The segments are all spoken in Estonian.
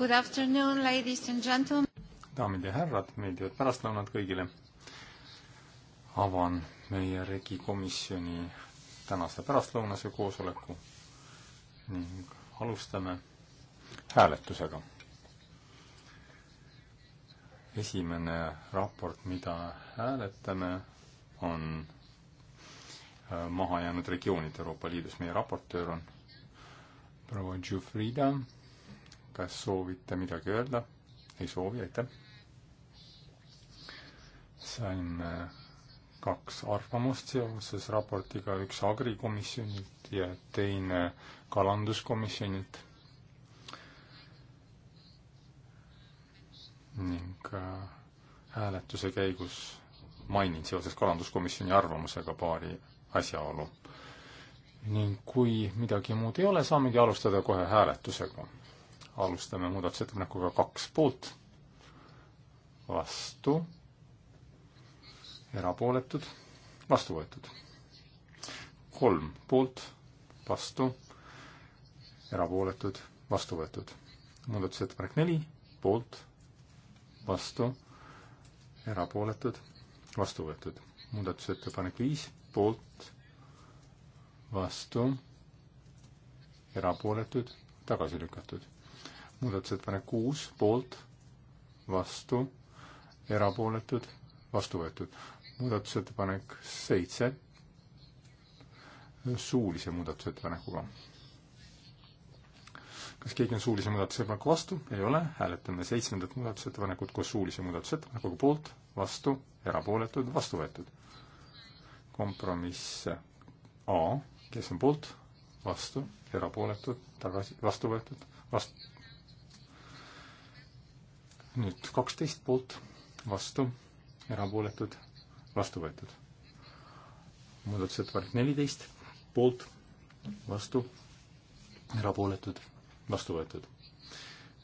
Good afternoon, ladies and gentlemen. daamid ja härrad, meeldivat pärastlõunat kõigile. avan meie regi komisjoni tänase pärastlõunase koosoleku ning alustame hääletusega. esimene raport, mida hääletame, on äh, mahajäänud regioonid Euroopa Liidus. meie raportöör on proua Jufrida kas soovite midagi öelda? ei soovi, aitäh. sain äh, kaks arvamust seoses raportiga, üks agrikomisjonilt ja teine kalanduskomisjonilt. ning äh, hääletuse käigus mainin seoses kalanduskomisjoni arvamusega paari asjaolu. ning kui midagi muud ei ole, saamegi alustada kohe hääletusega alustame muudatusettepanekuga kaks poolt, vastu, erapooletud, vastu võetud. kolm poolt, vastu, erapooletud, vastu võetud. muudatusettepanek neli, poolt, vastu, erapooletud, vastu võetud. muudatusettepanek viis, poolt, vastu, erapooletud, tagasi lükatud muudatusettepanek kuus, poolt, vastu, erapooletud, vastu võetud. muudatusettepanek seitse, suulise muudatusettepanekuga. kas keegi on suulise muudatusettepaneku vastu? ei ole, hääletame seitsmendat muudatusettepanekut koos suulise muudatusettepanekuga poolt, vastu, erapooletud, vastu võetud. kompromiss A, kes on poolt, vastu, erapooletud, tagasi, vastu võetud, vast-, nüüd kaksteist poolt, vastu, erapooletud, vastu võetud. muudatusettepanek neliteist, poolt, vastu, erapooletud, vastu võetud.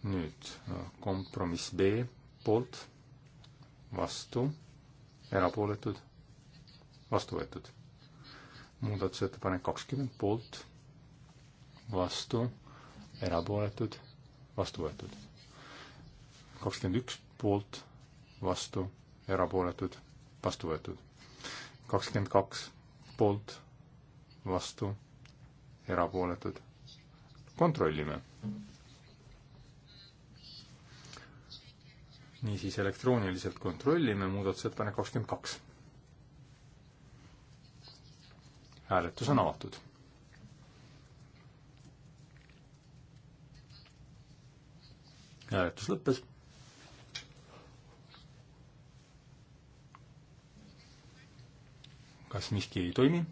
nüüd kompromiss B, poolt, vastu, erapooletud, vastu võetud. muudatusettepanek kakskümmend, poolt, vastu, erapooletud, vastu võetud kakskümmend üks poolt, vastu, erapooletud, vastu võetud. kakskümmend kaks poolt, vastu, erapooletud. kontrollime. niisiis elektrooniliselt kontrollime muudatusettepanek kakskümmend kaks. hääletus on avatud hääletus lõppes. kas miski ei toimi?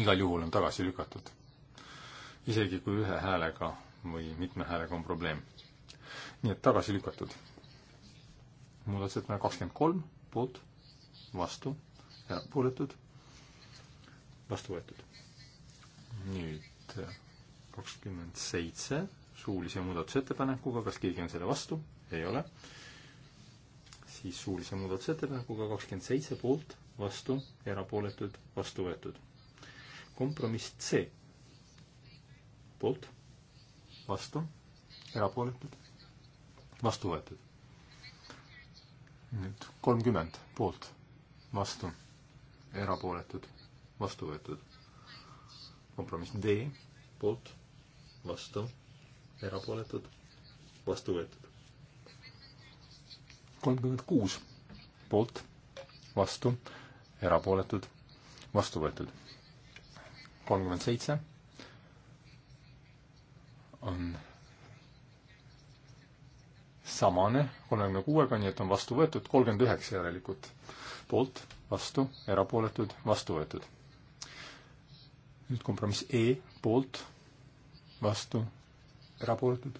igal juhul on tagasi lükatud. isegi kui ühe häälega või mitme häälega on probleem. nii et tagasi lükatud. muudatusettepanek kakskümmend kolm, poolt, vastu, erapooletud, vastu võetud. nüüd äh, kakskümmend seitse suulise muudatusettepanekuga, kas keegi on selle vastu? ei ole siis suulise muudatusettepanekuga kakskümmend seitse poolt, vastu, erapooletud, vastu võetud. kompromiss C, poolt, vastu, erapooletud, vastu võetud. nüüd kolmkümmend poolt, vastu, erapooletud, vastu võetud. kompromiss D, poolt, vastu, erapooletud, vastu võetud kolmkümmend kuus poolt, vastu, erapooletud, vastu võetud. kolmkümmend seitse on samane kolmekümne kuuega, nii et on vastu võetud kolmkümmend üheksa järelikult. poolt, vastu, erapooletud, vastu võetud. nüüd kompromiss E, poolt, vastu, erapooletud,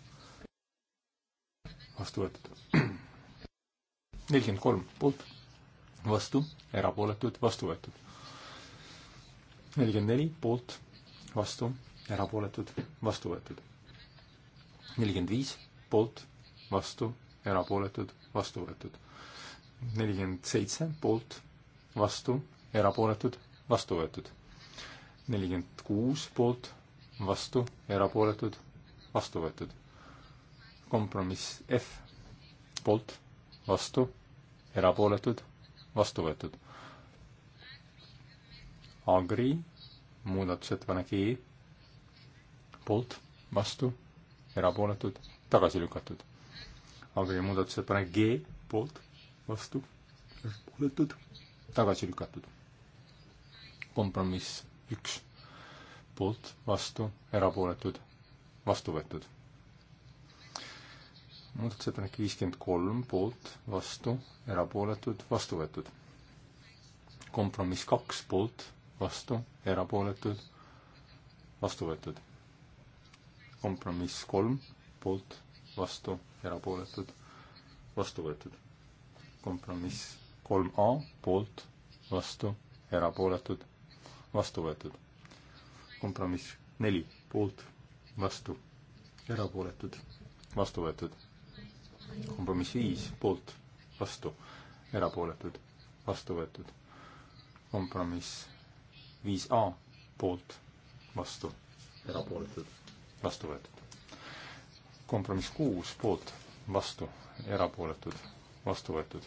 vastu võetud nelikümmend kolm poolt, vastu, erapooletud, vastu võetud. nelikümmend neli poolt, vastu, erapooletud, vastu võetud. nelikümmend viis poolt, vastu, erapooletud, vastu võetud. nelikümmend seitse poolt, vastu, erapooletud, vastu võetud. nelikümmend kuus poolt, vastu, erapooletud, vastu võetud. kompromiss F poolt, vastu, erapooletud, vastu võetud. Agri, muudatusettepanek E, poolt, vastu, erapooletud, tagasi lükatud. Agri muudatusettepanek G, poolt, vastu, erapooletud, tagasi lükatud. kompromiss üks, poolt, vastu, erapooletud, vastu võetud muudatusettepanek viiskümmend kolm poolt, vastu, erapooletud, vastu võetud. kompromiss kaks poolt, vastu, erapooletud, vastu võetud. kompromiss kolm poolt, vastu, erapooletud, vastu võetud. kompromiss kolm A poolt, vastu, erapooletud, vastu võetud. kompromiss neli poolt, vastu, erapooletud, vastu võetud kompromiss viis poolt, vastu, erapooletud, vastu võetud. kompromiss viis A poolt, vastu, erapooletud, vastu võetud. kompromiss kuus poolt, vastu, erapooletud, vastu võetud.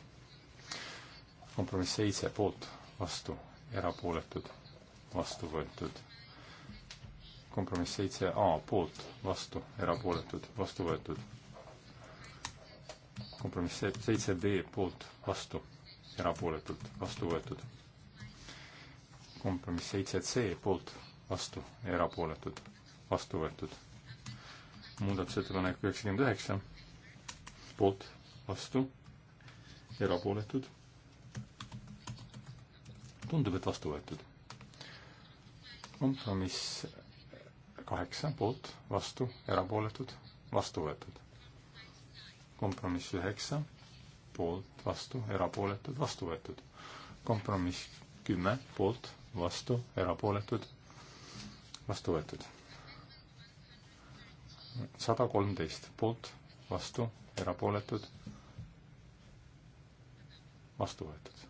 kompromiss seitse poolt, vastu, erapooletud, vastu võetud kompromiss seitse A poolt, vastu, erapooletud, vastu võetud kompromiss seitse B poolt vastu, erapooletult vastu võetud. kompromiss seitse C poolt vastu, erapooletult vastu võetud. muudatusettepanek üheksakümmend üheksa poolt vastu, erapooletud. tundub, et vastu võetud. kompromiss kaheksa poolt, vastu, erapooletud, vastu võetud kompromiss üheksa, poolt, vastu, erapooletud, vastu võetud. kompromiss kümme, poolt, vastu, erapooletud, vastu võetud. sada kolmteist, poolt, vastu, erapooletud, vastu võetud.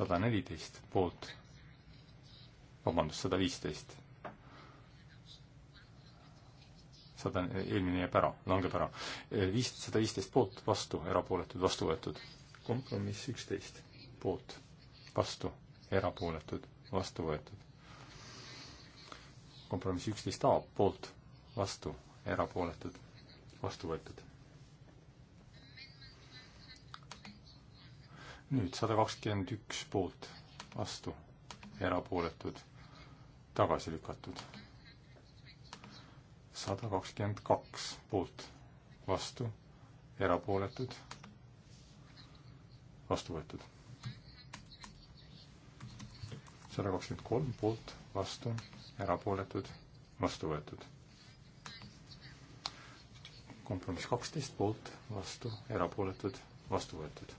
sada neliteist, poolt, vabandust, sada viisteist seda, eelmine jääb ära, langeb ära. viis, sada viisteist poolt, vastu, erapooletud, vastu võetud. kompromiss üksteist poolt, vastu, erapooletud, vastu võetud. kompromiss üksteist A poolt, vastu, erapooletud, vastu võetud. nüüd sada kakskümmend üks poolt, vastu, erapooletud, tagasi lükatud sada kakskümmend kaks poolt, vastu, erapooletud, vastu võetud. sada kakskümmend kolm poolt, vastu, erapooletud, vastu võetud. kompromiss kaksteist poolt, vastu, erapooletud, vastu võetud.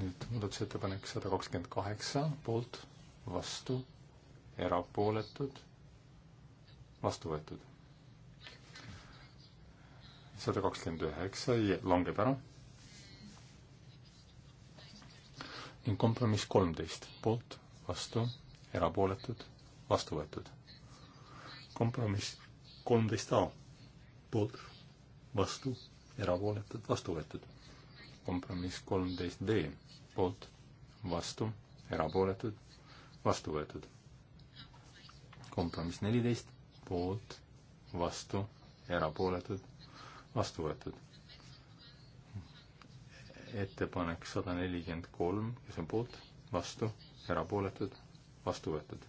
nüüd muudatusettepanek sada kakskümmend kaheksa poolt, vastu, erapooletud vastu võetud. sada kakskümmend üheksa langeb ära. ning kompromiss kolmteist poolt, vastu, erapooletud, vastu võetud. kompromiss kolmteist A poolt, vastu, erapooletud, vastu võetud. kompromiss kolmteist B poolt, vastu, erapooletud, vastu võetud. kompromiss neliteist poolt, vastu, erapooletud, vastu võetud. ettepanek sada nelikümmend kolm, kes on poolt, vastu, erapooletud, vastu võetud.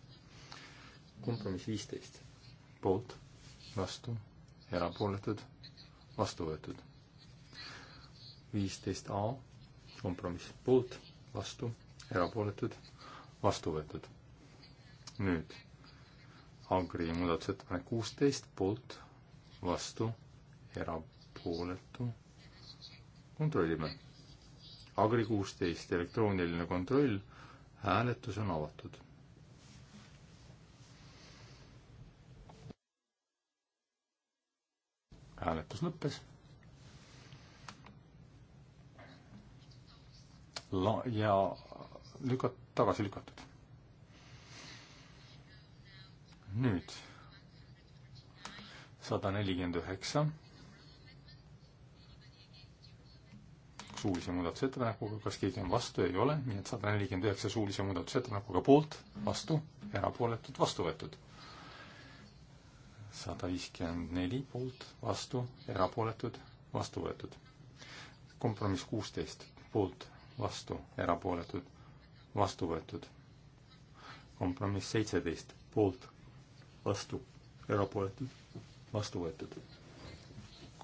kompromiss viisteist, poolt, vastu, erapooletud, vastu võetud. viisteist A, kompromiss poolt, vastu, erapooletud, vastu võetud. nüüd Agri muudatusettepanek kuusteist poolt, vastu, erapooletu. kontrollime. Agri kuusteist, elektrooniline kontroll, hääletus on avatud. hääletus lõppes la- ja lükat-, tagasi lükatud. nüüd sada nelikümmend üheksa suulise muudatusettepanekuga, kas keegi on vastu, ei ole, nii et sada nelikümmend üheksa suulise muudatusettepanekuga poolt, vastu, erapooletud, vastu võetud. sada viiskümmend neli poolt, vastu, erapooletud, vastu võetud. kompromiss kuusteist poolt, vastu, erapooletud, vastu võetud. kompromiss seitseteist poolt, vastu, erapooletud, vastu võetud.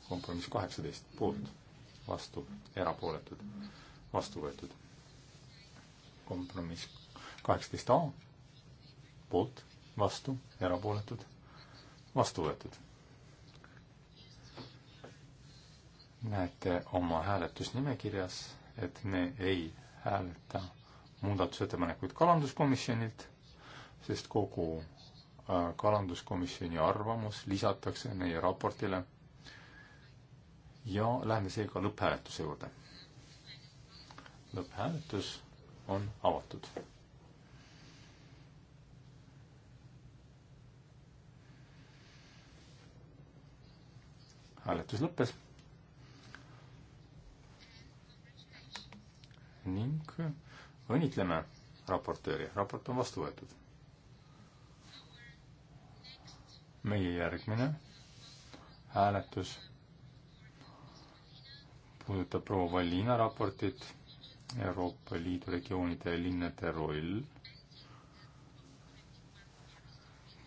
kompromiss kaheksateist, poolt, vastu, erapooletud, vastu võetud. kompromiss kaheksateist A, poolt, vastu, erapooletud, vastu võetud. näete oma hääletusnimekirjas, et me ei hääleta muudatusettepanekuid kalanduskomisjonilt, sest kogu Äh, kalanduskomisjoni arvamus lisatakse meie raportile ja läheme seega lõpphääletuse juurde. lõpphääletus on avatud. hääletus lõppes. ning õnnitleme raportööri, raport on vastu võetud meie järgmine hääletus puudutab proua Vallina raportit Euroopa Liidu regioonide ja linnade roll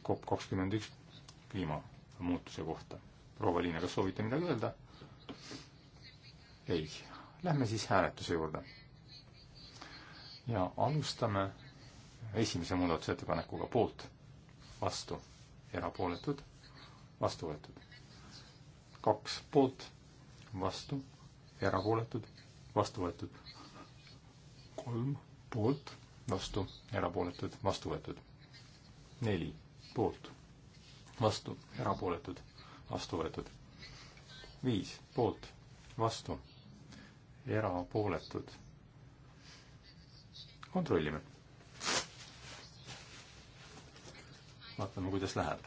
COP kakskümmend üks kliimamuutuse kohta. proua Liina, kas soovite midagi öelda? ei, lähme siis hääletuse juurde. ja alustame esimese muudatusettepanekuga poolt, vastu, erapooletud, vastu võetud. kaks poolt, vastu, erapooletud, vastu võetud. kolm poolt, vastu, erapooletud, vastu võetud. neli poolt, vastu, erapooletud, vastu võetud. viis poolt, vastu, erapooletud. kontrollime vaatame, kuidas läheb.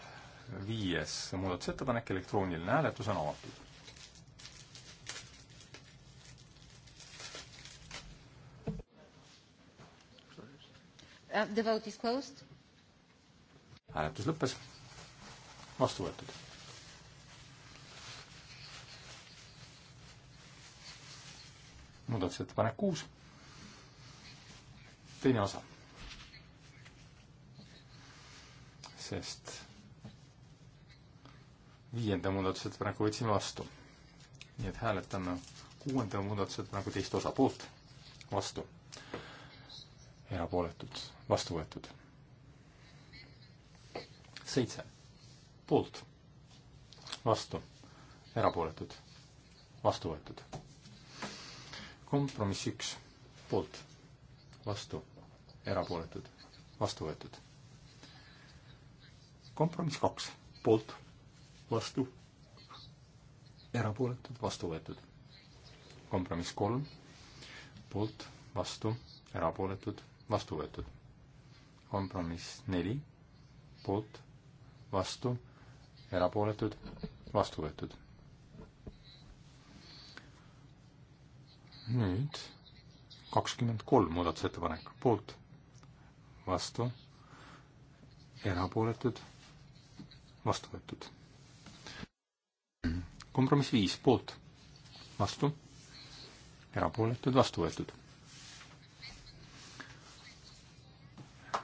viies muudatusettepanek, elektrooniline hääletus on avatud. Uh, the vote is closed. hääletus lõppes. vastu võetud. muudatusettepanek kuus. teine osa sest viienda muudatusettepaneku võtsin vastu. nii et hääletame kuuenda muudatusettepaneku teist osa poolt, vastu, erapooletud, vastu võetud. seitse, poolt, vastu, erapooletud, vastu võetud. kompromiss üks, poolt, vastu, erapooletud, vastu võetud kompromiss kaks, poolt, vastu, erapooletud, vastu võetud. kompromiss kolm, poolt, vastu, erapooletud, vastu võetud. kompromiss neli, poolt, vastu, erapooletud, vastu võetud. nüüd kakskümmend kolm muudatusettepanek, poolt, vastu, erapooletud vastu võetud. kompromiss viis poolt, vastu, erapooletud, vastu võetud.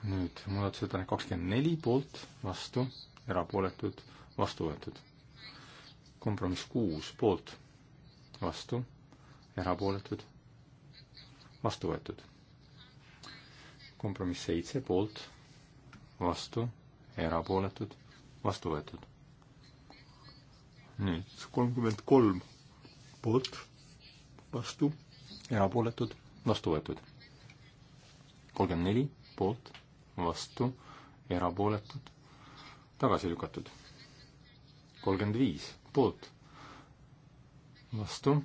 nüüd muudatusettepanek kakskümmend neli poolt, vastu, erapooletud, vastu võetud. kompromiss kuus poolt, vastu, erapooletud, vastu võetud. kompromiss seitse poolt, vastu, erapooletud vastu võetud. nüüd kolmkümmend kolm poolt, vastu, erapooletud, vastu võetud. kolmkümmend neli poolt, vastu, erapooletud, tagasi lükatud. kolmkümmend viis poolt, vastu,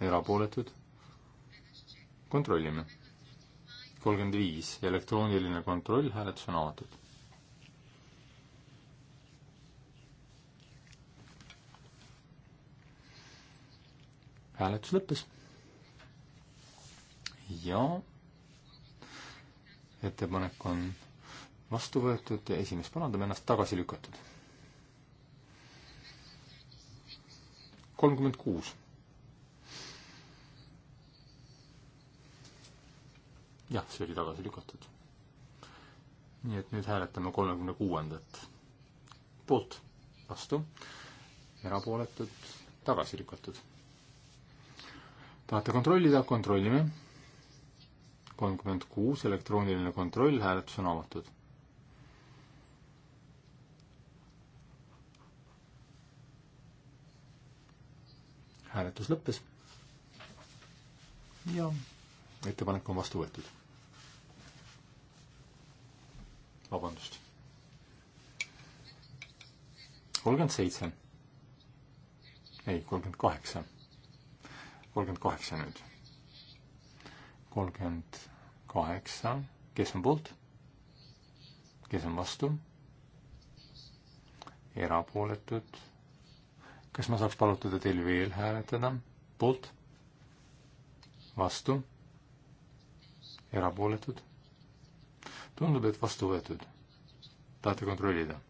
erapooletud, kontrollime. kolmkümmend viis, elektrooniline kontroll, hääletus on avatud. hääletus lõppes. ja ettepanek on vastu võetud ja esimees parandab ennast, tagasi lükatud. kolmkümmend kuus. jah, see oli tagasi lükatud. nii et nüüd hääletame kolmekümne kuuendat. poolt, vastu, erapooletud, tagasi lükatud tahate kontrollida, kontrollime. kolmkümmend kuus, elektrooniline kontroll, hääletus on avatud. hääletus lõppes. ja ettepanek on vastu võetud. vabandust. kolmkümmend seitse. ei, kolmkümmend kaheksa kolmkümmend kaheksa nüüd. kolmkümmend kaheksa, kes on poolt? kes on vastu? erapooletud. kas ma saaks palutada teil veel hääletada? poolt? vastu? erapooletud? tundub, et vastu võetud. tahate kontrollida?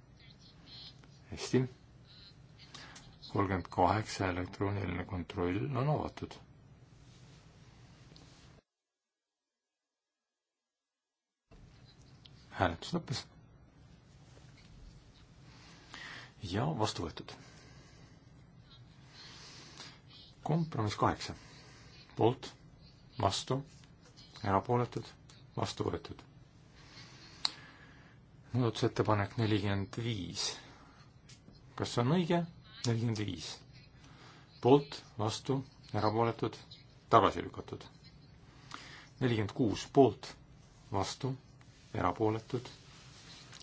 hästi kolmkümmend kaheksa elektrooniline kontroll on avatud. hääletus lõppes. ja vastu võetud. kompromiss kaheksa, poolt, vastu, erapooletud, vastu võetud. muudatusettepanek nelikümmend viis. kas see on õige? nelikümmend viis. poolt, vastu, erapooletud, tagasi lükatud. nelikümmend kuus poolt, vastu, erapooletud,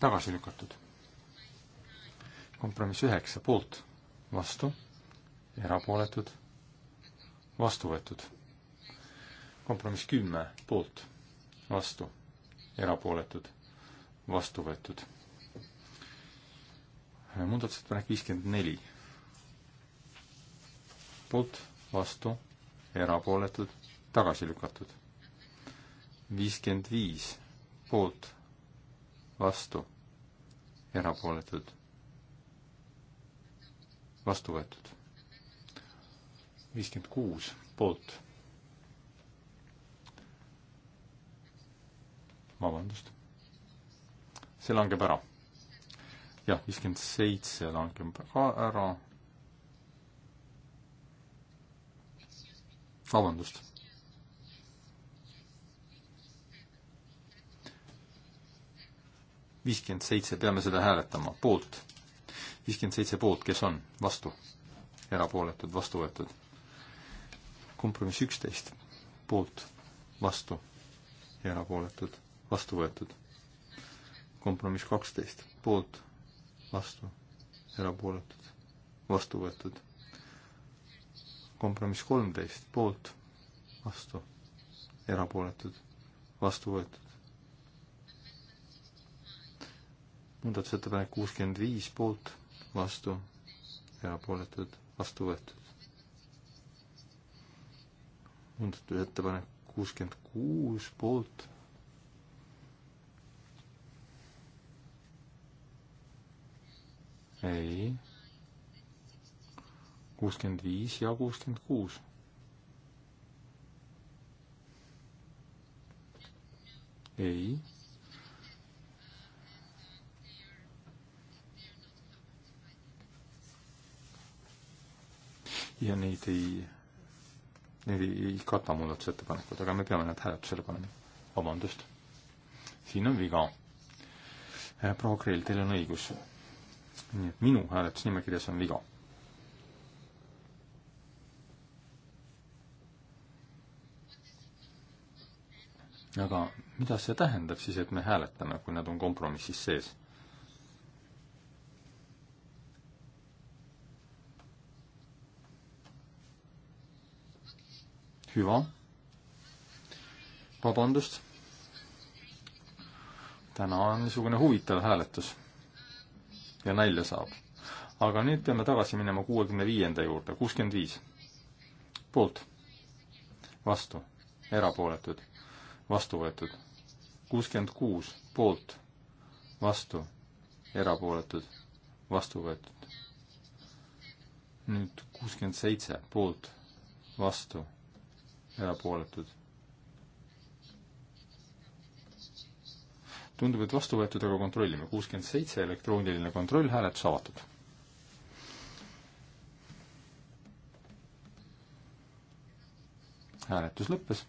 tagasi lükatud. kompromiss üheksa poolt, vastu, erapooletud, vastu võetud. kompromiss kümme poolt, vastu, erapooletud, vastu võetud. muudatusettepanek viiskümmend neli poolt, vastu, erapooletud, tagasi lükatud. viiskümmend viis poolt, vastu, erapooletud, vastu võetud. viiskümmend kuus poolt. vabandust, see langeb ära. jah, viiskümmend seitse langeb ka ära vabandust. viiskümmend seitse, peame seda hääletama, poolt. viiskümmend seitse poolt, kes on, vastu? erapooletud, vastu võetud. kompromiss üksteist, poolt, vastu, erapooletud, vastu võetud. kompromiss kaksteist, poolt, vastu, erapooletud, vastu võetud kompromiss kolmteist poolt, vastu, erapooletud, vastu võetud. muudatusettepanek kuuskümmend viis poolt, vastu, erapooletud, vastu võetud. muudatusettepanek kuuskümmend kuus poolt ei, kuuskümmend viis ja kuuskümmend kuus. ei. ja neid ei, neid ei, ei kata muudatusettepanekud, aga me peame nad hääletusele panema. vabandust. siin on viga. proua Kreel, teil on õigus. nii et minu hääletusnimekirjas on viga aga mida see tähendab siis, et me hääletame, kui nad on kompromissis sees? hüva. vabandust. täna on niisugune huvitav hääletus. ja nalja saab. aga nüüd peame tagasi minema kuuekümne viienda juurde, kuuskümmend viis. poolt, vastu, erapooletud vastu võetud. kuuskümmend kuus poolt, vastu, erapooletud, vastu võetud. nüüd kuuskümmend seitse poolt, vastu, erapooletud. tundub, et vastu võetud, aga kontrollime. kuuskümmend seitse, elektrooniline kontroll, hääletus avatud hääletus lõppes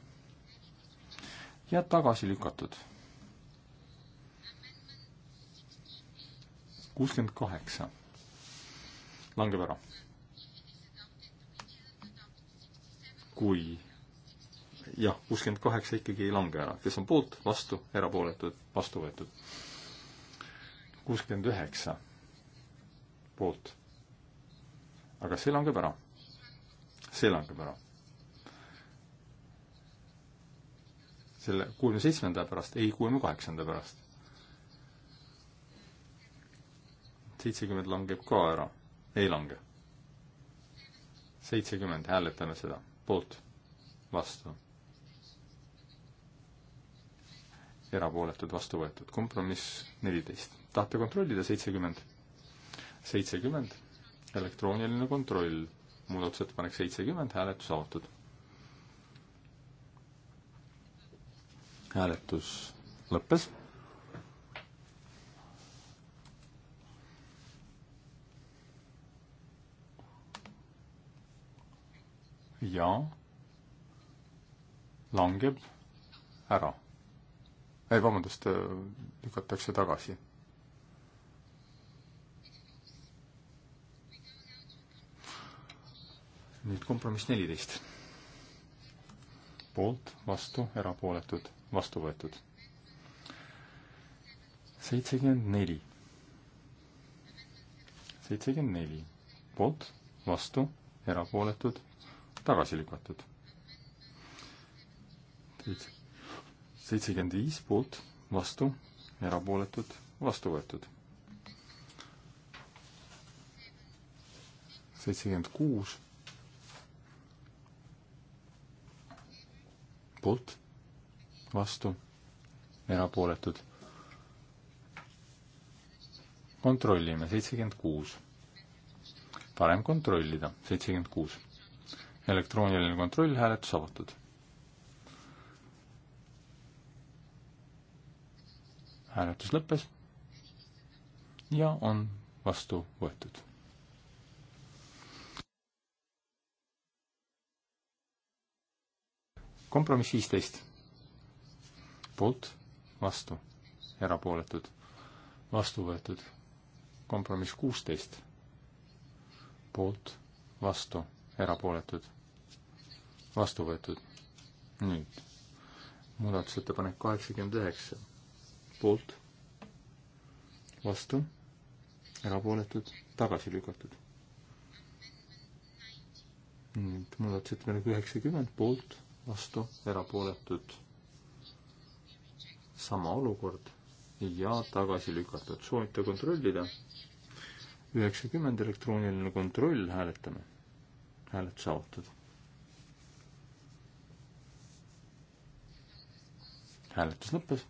ja tagasi lükatud. kuuskümmend kaheksa langeb ära. kui jah, kuuskümmend kaheksa ikkagi ei lange ära, kes on poolt, vastu, erapooletud, vastu võetud. kuuskümmend üheksa poolt. aga see langeb ära. see langeb ära selle kuuekümne seitsmenda pärast, ei kuuekümne kaheksanda pärast. seitsekümmend langeb ka ära, ei lange. seitsekümmend, hääletame seda, poolt, vastu. erapooletud, vastu võetud, kompromiss neliteist. tahate kontrollida seitsekümmend? seitsekümmend, elektrooniline kontroll, muudatusettepanek seitsekümmend, hääletus avatud hääletus lõppes. ja langeb ära. ei, vabandust, lükatakse tagasi. nüüd kompromiss neliteist. poolt, vastu, erapooletud vastu võetud. seitsekümmend neli. seitsekümmend neli poolt, vastu, erapooletud, tagasi lükatud. seitsekümmend viis poolt, vastu, erapooletud, vastu võetud. seitsekümmend kuus poolt vastu, erapooletud. kontrollime, seitsekümmend kuus. parem kontrollida, seitsekümmend kuus. elektrooniline kontroll, hääletus avatud. hääletus lõppes ja on vastu võetud. kompromiss viisteist poolt, vastu, erapooletud, vastu võetud. kompromiss kuusteist, poolt, vastu, erapooletud, vastu võetud. nüüd muudatusettepanek kaheksakümmend üheksa, poolt, vastu, erapooletud, tagasi lükatud. nüüd muudatusettepanek üheksakümmend, poolt, vastu, erapooletud sama olukord ja tagasi lükatud. soovite kontrollida? üheksakümmend elektrooniline kontroll, hääletame. hääletus avatud. hääletus lõppes.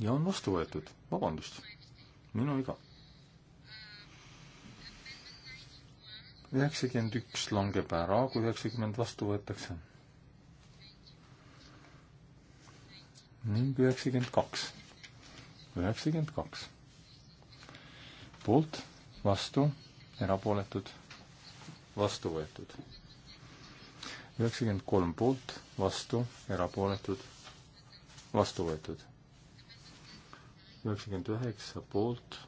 ja on vastu võetud, vabandust, minu viga. üheksakümmend üks langeb ära, kui üheksakümmend vastu võetakse ning üheksakümmend kaks, üheksakümmend kaks. poolt, vastu, erapooletud, vastu võetud. üheksakümmend kolm poolt, vastu, erapooletud, vastu võetud. üheksakümmend üheksa poolt,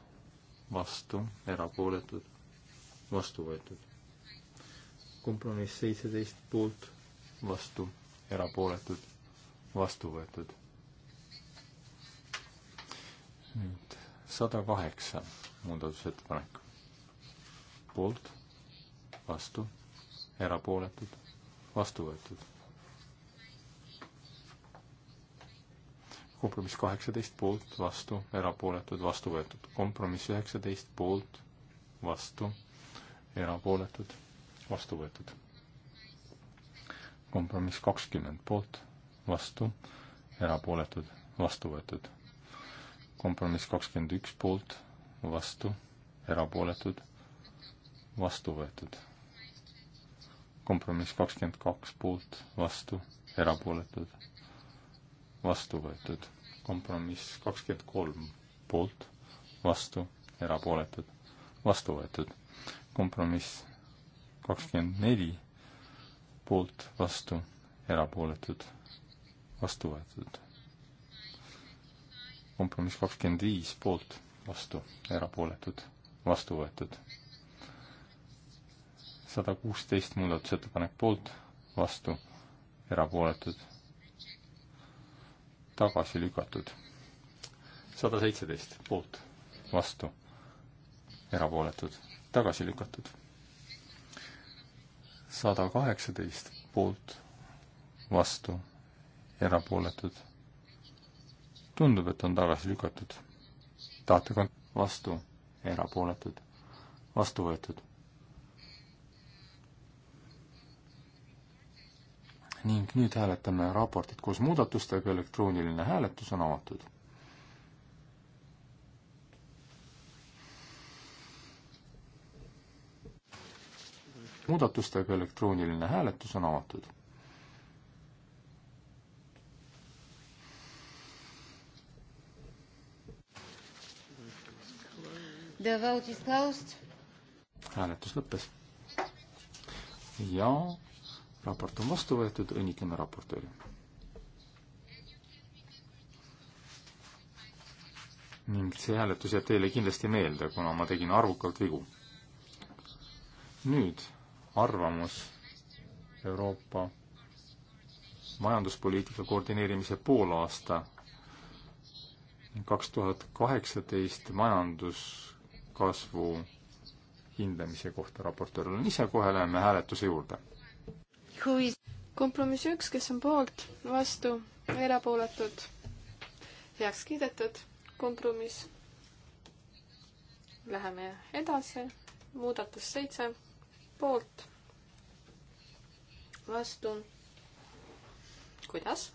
vastu, erapooletud, vastu võetud. kompromiss seitseteist poolt, vastu, erapooletud, vastu võetud nüüd sada kaheksa muudatusettepanek. poolt, vastu, erapooletud, vastu võetud. kompromiss kaheksateist poolt, vastu, erapooletud, vastu võetud. kompromiss üheksateist poolt, vastu, erapooletud, vastu võetud. kompromiss kakskümmend poolt, vastu, erapooletud, vastu võetud kompromiss kakskümmend üks poolt, vastu, erapooletud, vastu võetud. kompromiss kakskümmend kaks poolt, vastu, erapooletud, vastu võetud. kompromiss kakskümmend kolm poolt, vastu, erapooletud, vastu võetud. kompromiss kakskümmend neli poolt, vastu, erapooletud, vastu võetud kompromiss kakskümmend viis poolt, vastu, erapooletud, vastu võetud. sada kuusteist muudatusettepanek poolt, vastu, erapooletud, tagasi lükatud. sada seitseteist poolt, vastu, erapooletud, tagasi lükatud. sada kaheksateist poolt, vastu, erapooletud tundub, et on tagasi lükatud. tahate kon-, vastu, erapooletud, vastu võetud. ning nüüd hääletame raportit koos muudatustega, elektrooniline hääletus on avatud. muudatustega elektrooniline hääletus on avatud The vote is closed. hääletus lõppes. ja raport on vastu võetud, õnnitleme raportööri. ning see hääletus jääb teile kindlasti meelde, kuna ma tegin arvukalt vigu. nüüd arvamus Euroopa majanduspoliitika koordineerimise poolaasta kaks tuhat kaheksateist majandus kasvu hindamise kohta raportööril on ise, kohe läheme hääletuse juurde. kompromiss üks, kes on poolt, vastu, erapooletud, heaks kiidetud, kompromiss. Läheme edasi, muudatus seitse, poolt, vastu, kuidas?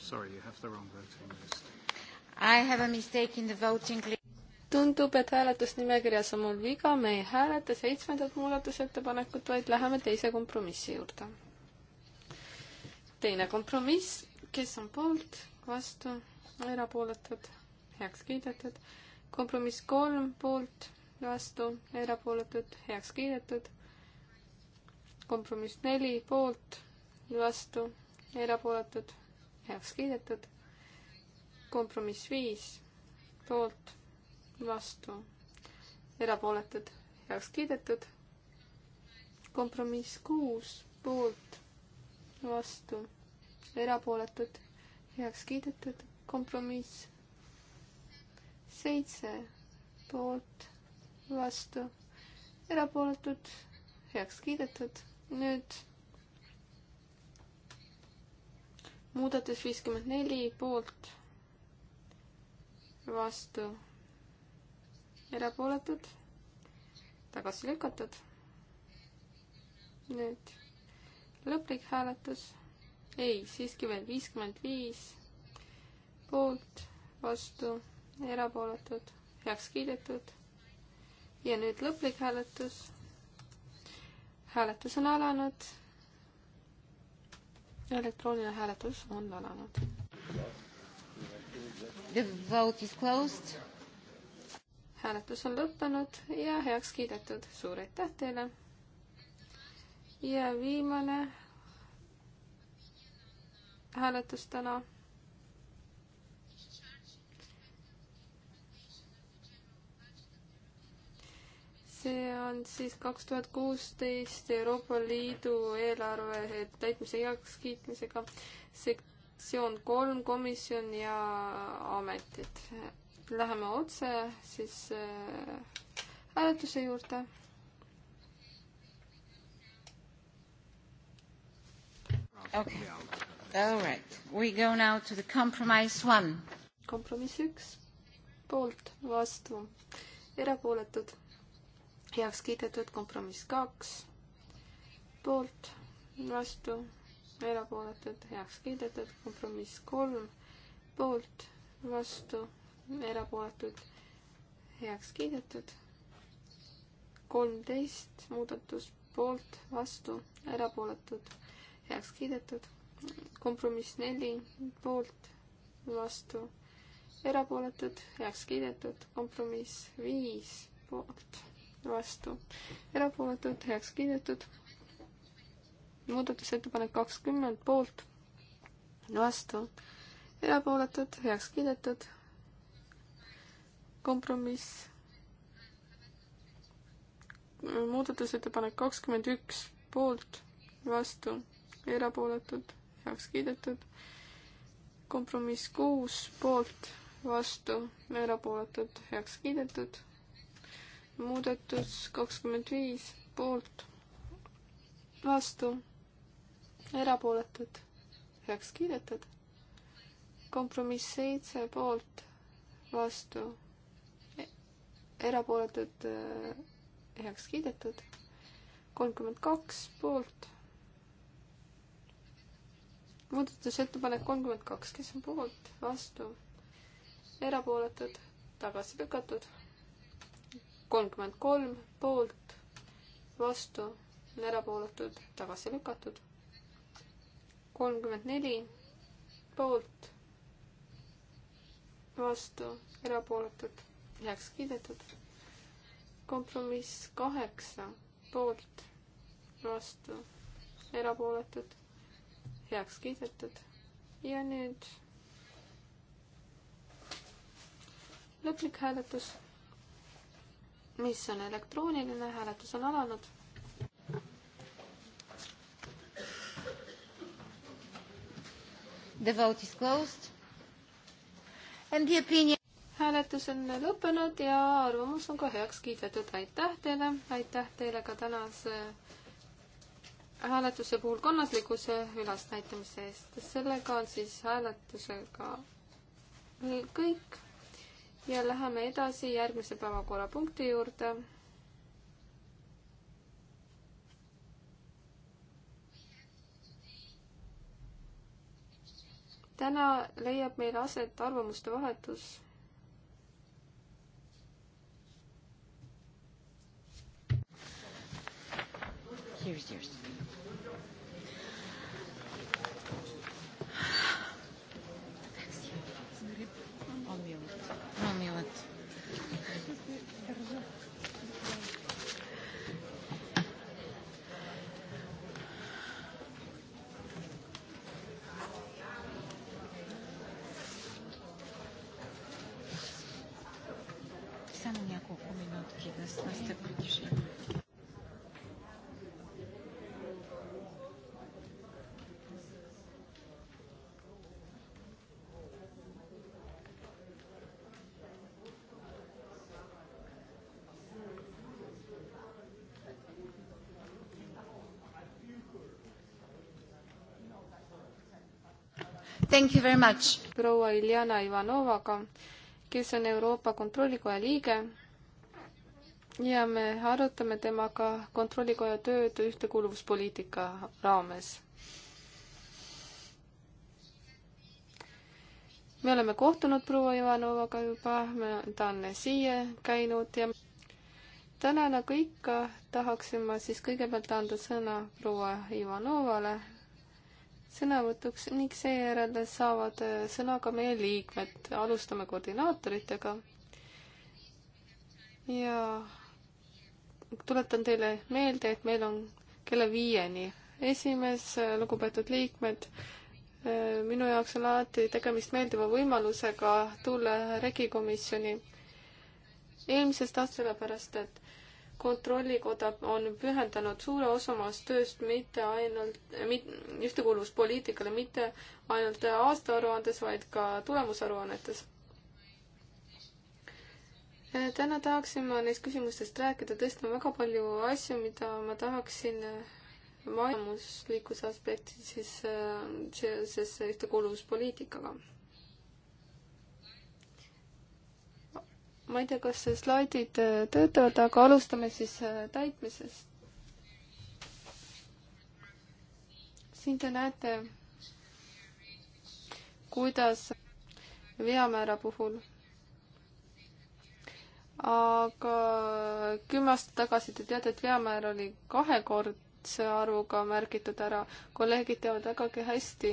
Sorry, you have the wrong voting list tundub, et hääletusnimekirjas on mul viga, me ei hääleta seitsmendat muudatusettepanekut, vaid läheme teise kompromissi juurde. teine kompromiss, kes on poolt, vastu, erapooletud, heaks kiidetud. kompromiss kolm poolt, vastu, erapooletud, heaks kiidetud. kompromiss neli poolt, vastu, erapooletud, heaks kiidetud kompromiss viis, poolt, vastu, erapooletud, heaks kiidetud. kompromiss kuus, poolt, vastu, erapooletud, heaks kiidetud. kompromiss seitse, poolt, vastu, erapooletud, heaks kiidetud. nüüd muudatus viiskümmend neli poolt vastu, erapooletud, tagasi lükatud. nüüd lõplik hääletus. ei, siiski veel viiskümmend viis poolt, vastu, erapooletud, heaks kiidetud. ja nüüd lõplik hääletus. hääletus on alanud. elektrooniline hääletus on alanud. The vote is closed. hääletus on lõppenud ja heaks kiidetud. suur aitäh teile. ja viimane hääletus täna see on siis kaks tuhat kuusteist Euroopa Liidu eelarve täitmise heakskiitmisega sek-, seon kolm, komisjon ja ametid. Läheme otse siis äh, hääletuse äh, juurde. Okay. All right. We go now to the compromise one. Kompromiss üks. Poolt, vastu. Erapooletud. Heaks kiidetud kompromiss kaks. Poolt, vastu erapooletud, heaks kiidetud, kompromiss kolm, poolt, vastu, erapooletud, heaks kiidetud, kolmteist muudatus, poolt, vastu, erapooletud, heaks kiidetud, kompromiss neli, poolt, vastu, erapooletud, heaks kiidetud, kompromiss viis, poolt, vastu, erapooletud, heaks kiidetud muudatusettepanek kakskümmend poolt, vastu, erapooletud, heaks kiidetud, kompromiss, muudatusettepanek kakskümmend üks poolt, vastu, erapooletud, heaks kiidetud, kompromiss kuus poolt, vastu, erapooletud, heaks kiidetud, muudatus kakskümmend viis poolt, vastu erapooletud, heaks kiidetud. kompromiss seitse poolt, vastu, erapooletud, heaks kiidetud. kolmkümmend kaks poolt. muudatusettepanek kolmkümmend kaks, kes on poolt, vastu, erapooletud, tagasi lükatud. kolmkümmend kolm poolt, vastu, erapooletud, tagasi lükatud kolmkümmend neli poolt, vastu, erapooletud, heaks kiidetud. kompromiss kaheksa poolt, vastu, erapooletud, heaks kiidetud. ja nüüd lõplik hääletus, mis on elektrooniline, hääletus on alanud The vote is closed. And the opinion hääletus on lõppenud ja arvamus on ka heaks kiidetud. aitäh teile, aitäh teile ka tänase hääletuse puhul kannatlikkuse ülesnäitamise eest. sellega on siis hääletusega kõik ja läheme edasi järgmise päevakorrapunkti juurde täna leiab meil aset arvamuste vahetus Here's yours. proua Iljana Ivanovaga, kes on Euroopa Kontrollikoja liige ja me arutame temaga Kontrollikoja tööd ühtekuuluvuspoliitika raames me oleme kohtunud proua Ivanovaga juba, ta on siia käinud ja täna nagu ikka tahaksin ma siis kõigepealt anda sõna proua Ivanovale sõnavõtuks ning seejärel saavad äh, sõna ka meie liikmed. alustame koordinaatoritega. ja tuletan teile meelde, et meil on kella viieni esimees, äh, lugupeetud liikmed äh, minu jaoks on alati tegemist meeldiva võimalusega tulla regikomisjoni eelmisest aastast, sellepärast et kontrollikoda on pühendanud suure osa omast tööst mitte ainult mit,, ühtekuuluvuspoliitikale mitte ainult aastaaruandes, vaid ka tulemusaruannetes. täna tahaksin ma neist küsimustest rääkida, tõesti on väga palju asju, mida ma tahaksin vajamuslikkuse aspektis siis äh, seoses ühtekuuluvuspoliitikaga ma ei tea, kas slaidid äh, töötavad, aga alustame siis äh, täitmisest. siin te näete, kuidas veamäära puhul aga kümme aastat tagasi te teate, et veamäär oli kahekordse arvuga märgitud ära. kolleegid teavad vägagi hästi,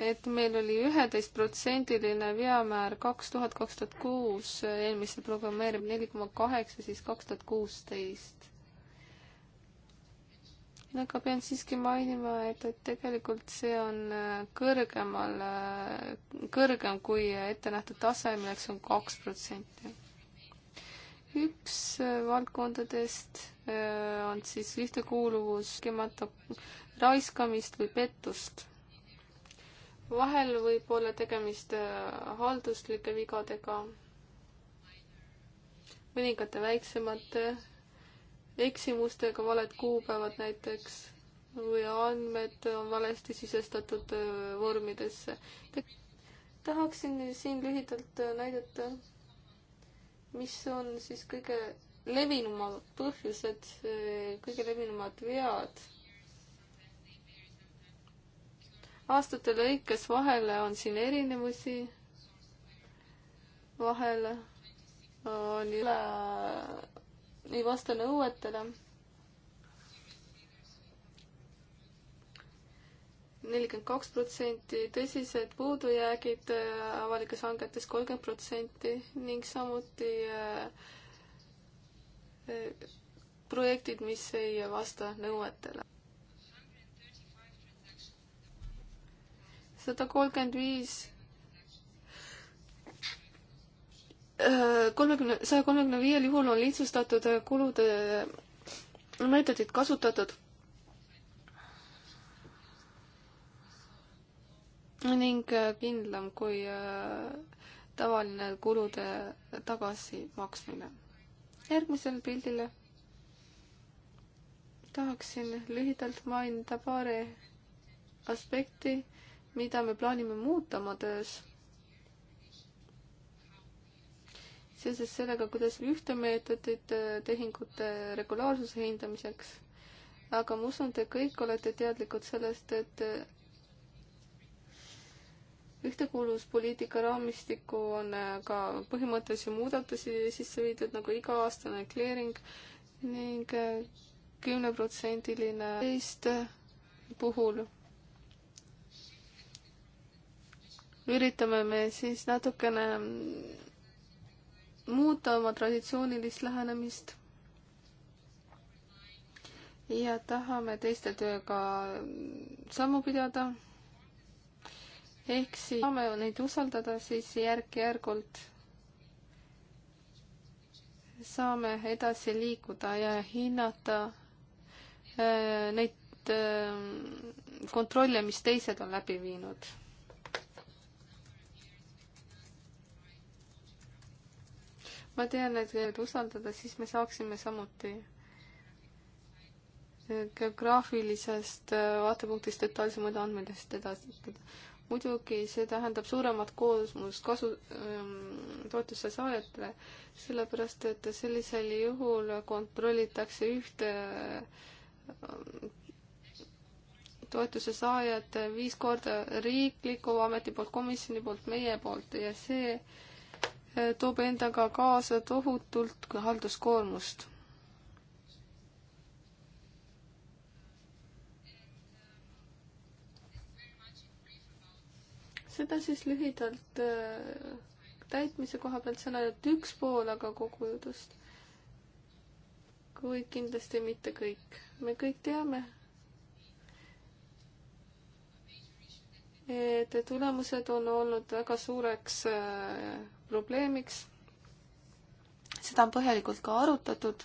et meil oli üheteistprotsendiline veamäär kaks tuhat, kaks tuhat kuus, eelmisel programmeerib neli koma kaheksa, siis kaks tuhat kuusteist. aga pean siiski mainima, et, et tegelikult see on äh, kõrgemal, äh, kõrgem kui ette nähtud tase, milleks on kaks protsenti. üks äh, valdkondadest on siis ühtekuuluvus, kemata raiskamist või pettust vahel võib olla tegemist äh, halduslike vigadega, mõningate väiksemate eksimustega, valed kuupäevad näiteks või andmed on valesti sisestatud äh, vormidesse. tahaksin siin lühidalt äh, näidata, mis on siis kõige levinumad põhjused, kõige levinumad vead aastate lõikes vahel on siin erinevusi, vahel on üle, ei vasta nõuetele. nelikümmend kaks protsenti, tõsised puudujäägid äh, avalikes hangetes kolmkümmend protsenti ning samuti äh, äh, projektid, mis ei vasta nõuetele sada kolmkümmend viis äh, kolmekümne, saja kolmekümne viiel juhul on lihtsustatud äh, kulude äh, meetodit kasutatud. ning kindlam kui tavaline kulude tagasimaksmine. järgmisel pildil tahaksin lühidalt mainida paari aspekti mida me plaanime muuta oma töös seoses sellega, kuidas ühtemeetodit äh, tehingute regulaarsuse hindamiseks. aga ma usun, te kõik olete teadlikud sellest, et äh, ühtekuuluvuspoliitika raamistikku on äh, ka põhimõttelisi muudatusi sisse viidud nagu iga-aastane clearing ning kümneprotsendiline teist puhul üritame me siis natukene muuta oma traditsioonilist lähenemist ja tahame teiste tööga sammu pidada. ehk siis saame neid usaldada, siis järk-järgult saame edasi liikuda ja hinnata äh, neid äh, kontrolle, mis teised on läbi viinud ma tean, et teid usaldada, siis me saaksime samuti geograafilisest äh, vaatepunktist detailsemaid andmeid edastada. muidugi see tähendab suuremat koosmust kasu ähm,, toetuse saajatele, sellepärast et sellisel juhul kontrollitakse ühte ähm, toetuse saajat viis korda riikliku ameti poolt, komisjoni poolt, meie poolt ja see äh, toob endaga kaasa tohutult halduskoormust. seda siis lühidalt äh, täitmise koha pealt, see on ainult üks pool aga kogu jutust. kuid kindlasti mitte kõik, me kõik teame et tulemused on olnud väga suureks äh, probleemiks. seda on põhjalikult ka arutatud.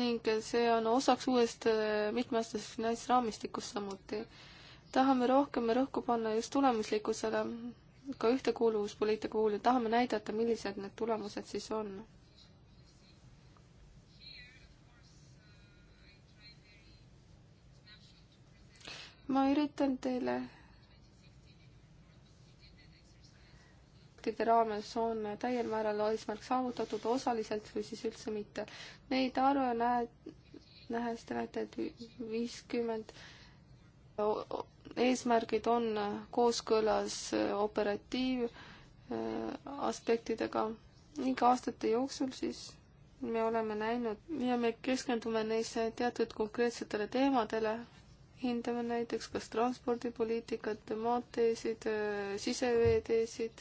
ning see on osaks uuest äh, mitmeaastasest finantsraamistikust samuti. tahame rohkem rõhku panna just tulemuslikkusele, ka ühtekuuluvuspoliitika puhul ja tahame näidata, millised need tulemused siis on ma üritan teile projektide raames on täiel määral eesmärk saavutatud, osaliselt või siis üldse mitte. Neid arve näe, nähes te näete, et viiskümmend eesmärgid on kooskõlas äh, operatiivaspektidega äh, ning aastate jooksul siis me oleme näinud ja me keskendume neis teatud konkreetsetele teemadele, hindame näiteks kas transpordipoliitikat, maanteesid, äh, siseveeteesid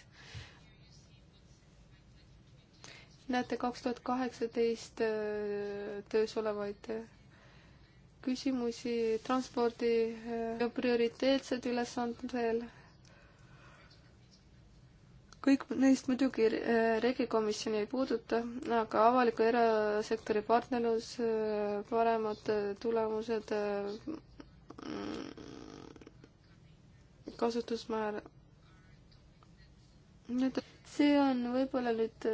näete kaks tuhat kaheksateist äh, töös olevaid äh, küsimusi transpordi äh, ja prioriteetsed ülesanded veel. kõik neist muidugi regikomisjoni ei puuduta, aga avaliku erasektori partnerlus, paremad tulemused, kasutusmäär. Need, see on võib-olla nüüd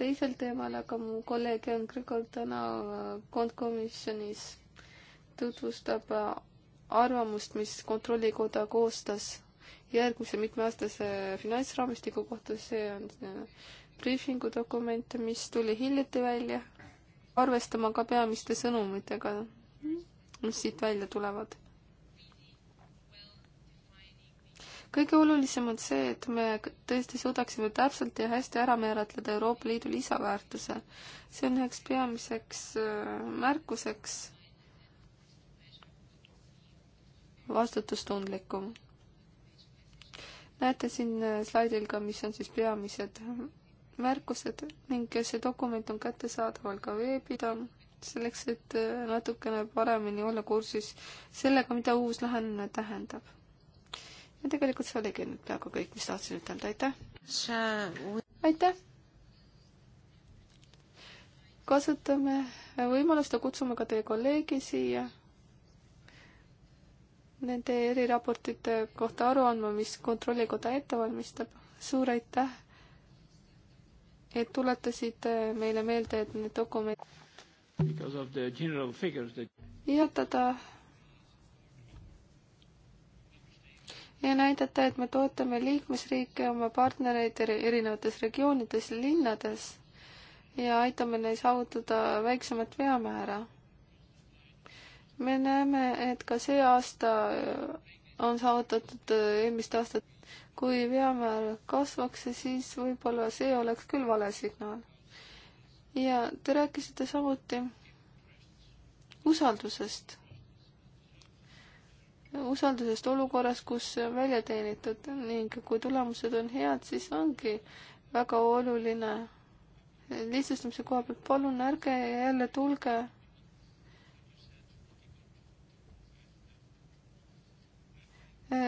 teisel teemal, aga mu kolleeg Jan Krikol täna äh, kontkomisjonis tutvustab äh, arvamust, mis Kontrollikoda koostas järgmise mitmeaastase finantsraamistiku kohta, see on äh, briifingu dokument, mis tuli hiljuti välja, arvestama ka peamiste sõnumitega, mis siit välja tulevad. kõige olulisem on see, et me tõesti suudaksime täpselt ja hästi ära määratleda Euroopa Liidu lisaväärtuse. see on üheks peamiseks äh, märkuseks vastutustundlikum. näete siin äh, slaidil ka, mis on siis peamised märkused ning see dokument on kättesaadaval ka veebida, selleks et äh, natukene paremini olla kursis sellega, mida uus lähenemine tähendab ja tegelikult see oligi nüüd peaaegu kõik, mis tahtsin ütelda, aitäh! aitäh! kasutame võimalust ja kutsume ka teie kolleegi siia nende eriraportite kohta aru andma, mis Kontrollikoda ette valmistab. suur aitäh, et tuletasite meile meelde, et need dokumendid that... jätada ja näidata, et me toetame liikmesriike, oma partnereid erinevates regioonides ja linnades ja aitame neil saavutada väiksemat veamäära. me näeme, et ka see aasta äh, on saavutatud äh, eelmist aastat. kui veamäär kasvaks, siis võib-olla see oleks küll vale signaal. ja te rääkisite samuti usaldusest usaldusest olukorras, kus see on välja teenitud ning kui tulemused on head, siis ongi väga oluline. lihtsustamise koha pealt palun ärge jälle tulge.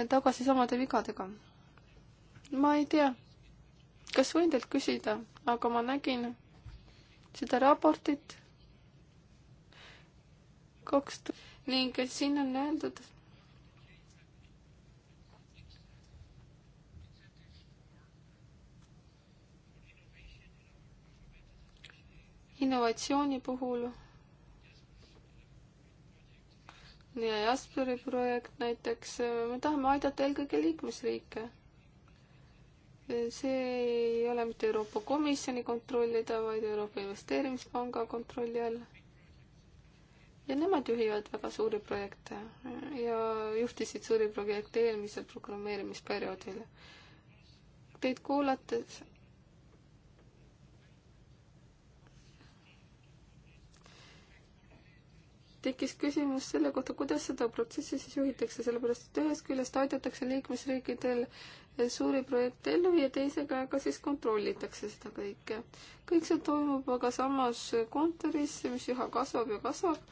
tagasi samade vigadega. ma ei tea, kas võin teilt küsida, aga ma nägin seda raportit kaks tuhat ning siin on öeldud innovatsiooni puhul. ja Jasperi projekt näiteks, me tahame aidata eelkõige liikmesriike. see ei ole mitte Euroopa Komisjoni kontrollida, vaid Euroopa Investeerimispanga kontrolli all. ja nemad juhivad väga suuri projekte ja juhtisid suuri projekte eelmisel programmeerimisperioodil. Teid kuulates tekkis küsimus selle kohta, kuidas seda protsessi siis juhitakse, sellepärast et ühest küljest aidatakse liikmesriikidel suuri projekte ellu ja teise käega siis kontrollitakse seda kõike. kõik see toimub aga samas kontoris, mis üha kasvab ja kasvab,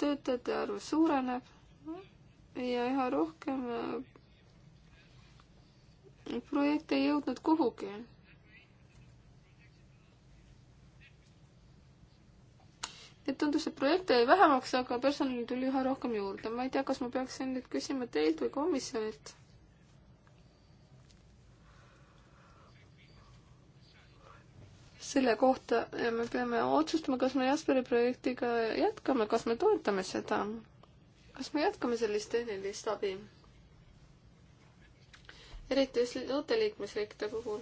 töötajate arv suureneb ja üha rohkem projekte ei jõudnud kuhugi et tundus, et projekte jäi vähemaks, aga personali tuli üha rohkem juurde. ma ei tea, kas ma peaksin nüüd küsima teilt või komisjonilt. selle kohta ja me peame otsustama, kas me Jasperi projektiga jätkame, kas me toetame seda, kas me jätkame sellist tehnilist abi. eriti just uute liikmesriikide puhul.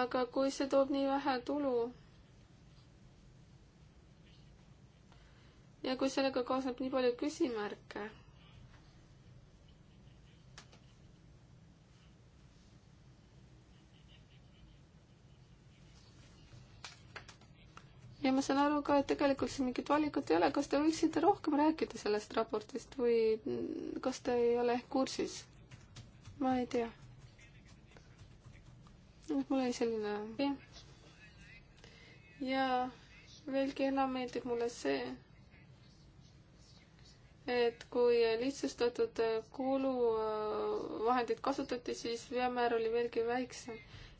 aga kui see toob nii vähe tulu ja kui sellega kaasneb nii palju küsimärke, ja ma saan aru ka, et tegelikult siin mingit valikut ei ole, kas te võiksite rohkem rääkida sellest raportist või kas te ei ole ehk kursis? ma ei tea. mul oli selline ja veelgi enam meeldib mulle see, et kui lihtsustatud kuluvahendit kasutati, siis veamäär oli veelgi väiksem.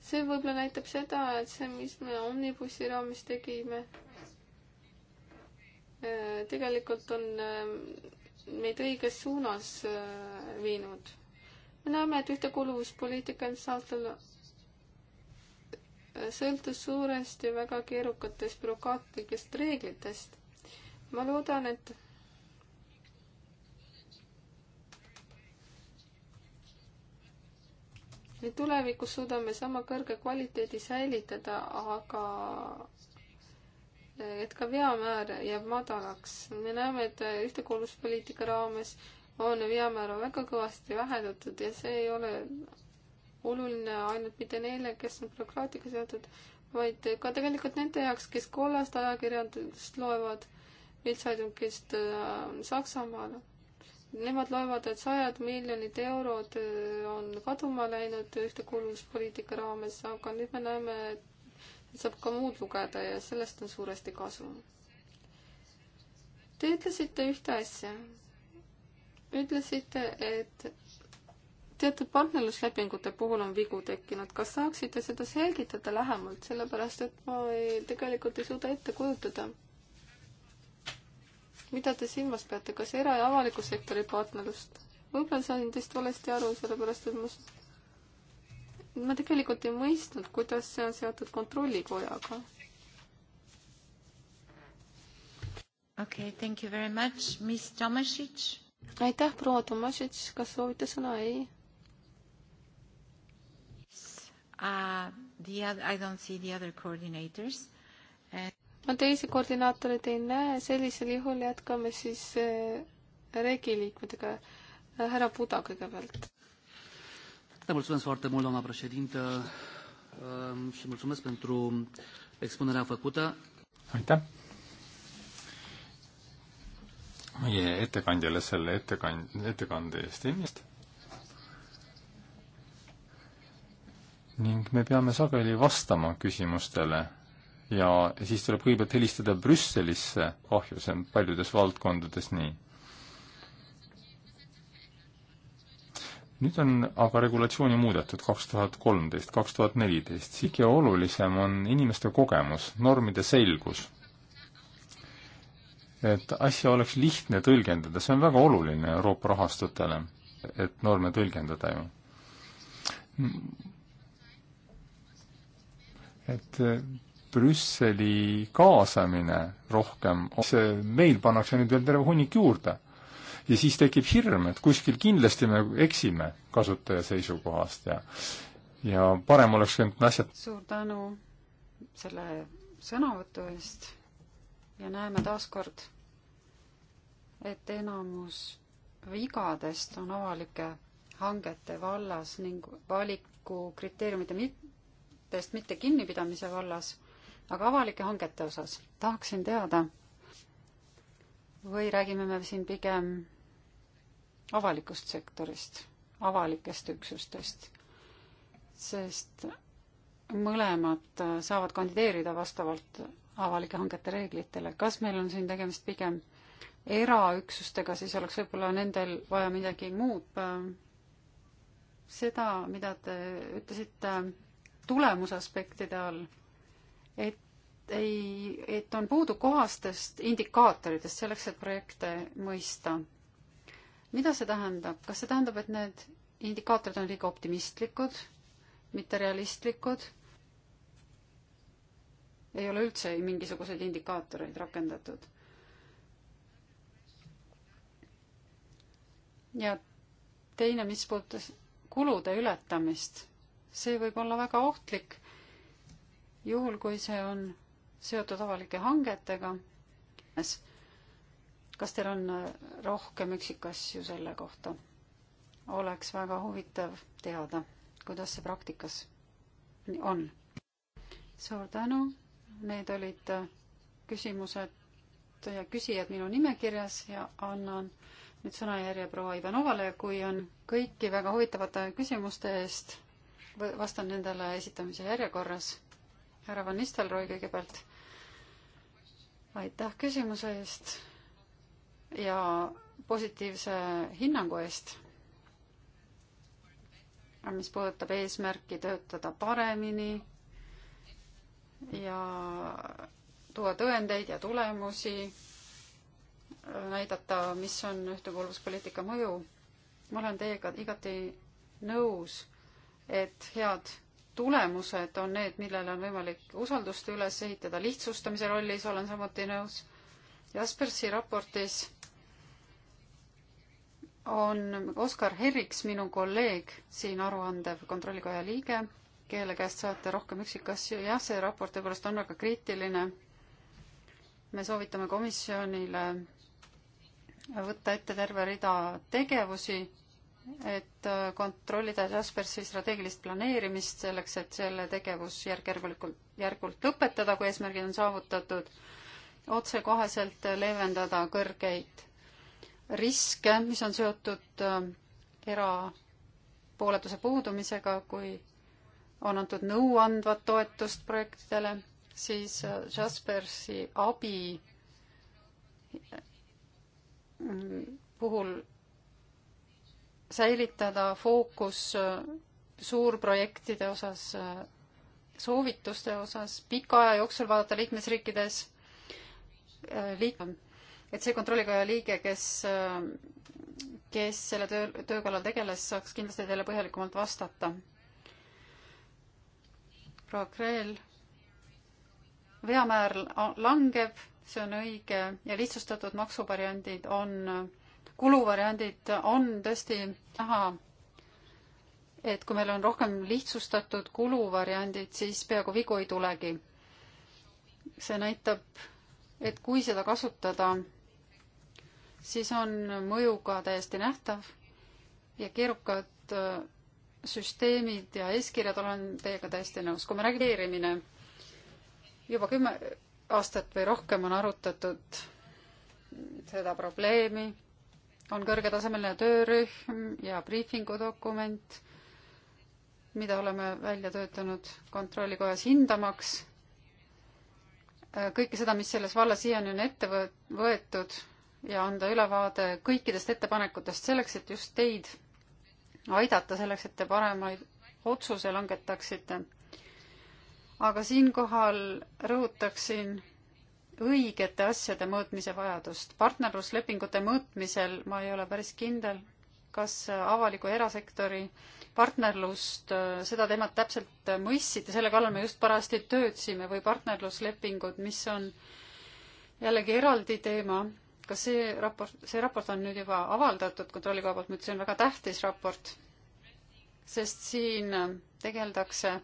see võib-olla näitab seda, et see, mis me Omnibussi raames tegime, äh, tegelikult on äh, meid õiges suunas äh, viinud. me näeme, et ühtekuuluvuspoliitika eelmisel aastal sõltus suuresti väga keerukatest bürokraatlikest reeglitest. ma loodan, et tulevikus suudame sama kõrge kvaliteedi säilitada, aga eh, et ka veamäär jääb madalaks. me näeme, et eh, ühtekuuluvuspoliitika raames on veamäära väga kõvasti vähendatud ja see ei ole oluline ainult mitte neile, kes on bürokraatiaga seotud, vaid ka tegelikult nende jaoks, kes kollast ajakirjandust loevad, Wildseitingist eh, Saksamaale Nemad loevad, et sajad miljonid eurod äh, on kaduma läinud ühtekuuluvuspoliitika raames, aga nüüd me näeme, et saab ka muud lugeda ja sellest on suuresti kasu. Te ütlesite ühte asja. ütlesite, et teatud partnerluslepingute puhul on vigu tekkinud. kas saaksite seda selgitada lähemalt, sellepärast et ma ei, tegelikult ei suuda ette kujutada mida te silmas peate, kas era- ja avaliku sektori partnerlust? võib-olla sain teist valesti aru, sellepärast et ma, ma tegelikult ei mõistnud, kuidas see on seotud kontrollikojaga. okei okay,, thank you very much, Miss Tomasic. aitäh, proua Tomasic, kas soovite sõna? ei uh,. The other, I don't see the other coordinators And.... Uh, ma teisi koordinaatoreid ei näe, sellisel juhul jätkame siis eh, regi liikmetega. Eh, härra Puda kõigepealt. mulțumesc foarte mult, doamna președintă ehm, și mulțumesc pentru expunerea făcută. aitäh! meie ettekandjale selle ettekand-, ettekande eest ennist ning me peame sageli vastama küsimustele ja siis tuleb kõigepealt helistada Brüsselisse, kahju, see on paljudes valdkondades nii. nüüd on aga regulatsiooni muudetud kaks tuhat kolmteist, kaks tuhat neliteist, siige olulisem on inimeste kogemus, normide selgus. et asja oleks lihtne tõlgendada, see on väga oluline Euroopa rahastutele, et norme tõlgendada ju et Brüsseli kaasamine rohkem, meil pannakse nüüd veel terve hunnik juurde. ja siis tekib hirm, et kuskil kindlasti me eksime kasutaja seisukohast ja ja parem oleks need asjad suur tänu selle sõnavõtu eest ja näeme taaskord, et enamus vigadest on avalike hangete vallas ning valikukriteeriumide mittest mitte kinnipidamise vallas aga avalike hangete osas tahaksin teada, või räägime me siin pigem avalikust sektorist, avalikest üksustest, sest mõlemad saavad kandideerida vastavalt avalike hangete reeglitele. kas meil on siin tegemist pigem eraüksustega, siis oleks võib-olla nendel vaja midagi muud. seda, mida te ütlesite tulemuse aspektide all et ei, et on puudu kohastest indikaatoritest selleks, et projekte mõista. mida see tähendab? kas see tähendab, et need indikaatorid on liiga optimistlikud, mitte realistlikud? ei ole üldse mingisuguseid indikaatoreid rakendatud. ja teine, mis puudutas kulude ületamist, see võib olla väga ohtlik juhul kui see on seotud avalike hangetega. kas teil on äh, rohkem üksikasju selle kohta? oleks väga huvitav teada, kuidas see praktikas on. suur tänu, need olid äh, küsimused ja küsijad minu nimekirjas ja annan nüüd sõnajärje proua Ivanovale, kui on kõiki väga huvitavate küsimuste eest, vastan nendele esitamise järjekorras härra Van Nistelrooy kõigepealt. aitäh küsimuse eest ja positiivse hinnangu eest, mis puudutab eesmärki töötada paremini ja tuua tõendeid ja tulemusi, näidata, mis on ühtekuuluvuspoliitika mõju. ma olen teiega igati nõus, et head tulemused on need, millele on võimalik usaldust üles ehitada. lihtsustamise rollis olen samuti nõus. Jaspersi raportis on Oskar Herriks, minu kolleeg, siin aruandev kontrollikoja liige, kelle käest saate rohkem üksikasju. jah, see raport tõepoolest on väga kriitiline. me soovitame komisjonile võtta ette terve rida tegevusi et äh, kontrollida Jaspersi strateegilist planeerimist selleks, et selle tegevus järk-järgulikult, järgult lõpetada, kui eesmärgid on saavutatud, otsekoheselt leevendada kõrgeid riske, mis on seotud äh, erapooletuse puudumisega, kui on antud nõuandvat toetust projektidele, siis äh, Jaspersi abi puhul säilitada fookus äh, suurprojektide osas, äh, soovituste osas, pika aja jooksul vaadata liikmesriikides äh, liik-, et see kontrollikoja liige, kes, kes selle töö, töö kallal tegeles, saaks kindlasti teile põhjalikumalt vastata. proua Kreel, veamäär langeb, see on õige, ja lihtsustatud maksuvariandid on kuluvariandid on tõesti näha, et kui meil on rohkem lihtsustatud kuluvariandid, siis peaaegu vigu ei tulegi. see näitab, et kui seda kasutada, siis on mõju ka täiesti nähtav ja keerukad äh, süsteemid ja eeskirjad, olen teiega täiesti nõus. kui me räägime veerimine, juba kümme aastat või rohkem on arutatud seda probleemi on kõrgetasemeline töörühm ja briifingudokument, mida oleme välja töötanud kontrollikojas hindamaks kõike seda, mis selles vallas siiani on ette võetud ja anda ülevaade kõikidest ettepanekutest selleks, et just teid aidata, selleks, et te paremaid otsuse langetaksite. aga siinkohal rõhutaksin õigete asjade mõõtmise vajadust. partnerluslepingute mõõtmisel ma ei ole päris kindel, kas avaliku ja erasektori partnerlust, seda teemat täpselt mõistsite, selle kallal me just parajasti töötasime või partnerluslepingud, mis on jällegi eraldi teema, ka see raport, see raport on nüüd juba avaldatud kontrollikoja poolt, ma ütlesin, väga tähtis raport, sest siin tegeldakse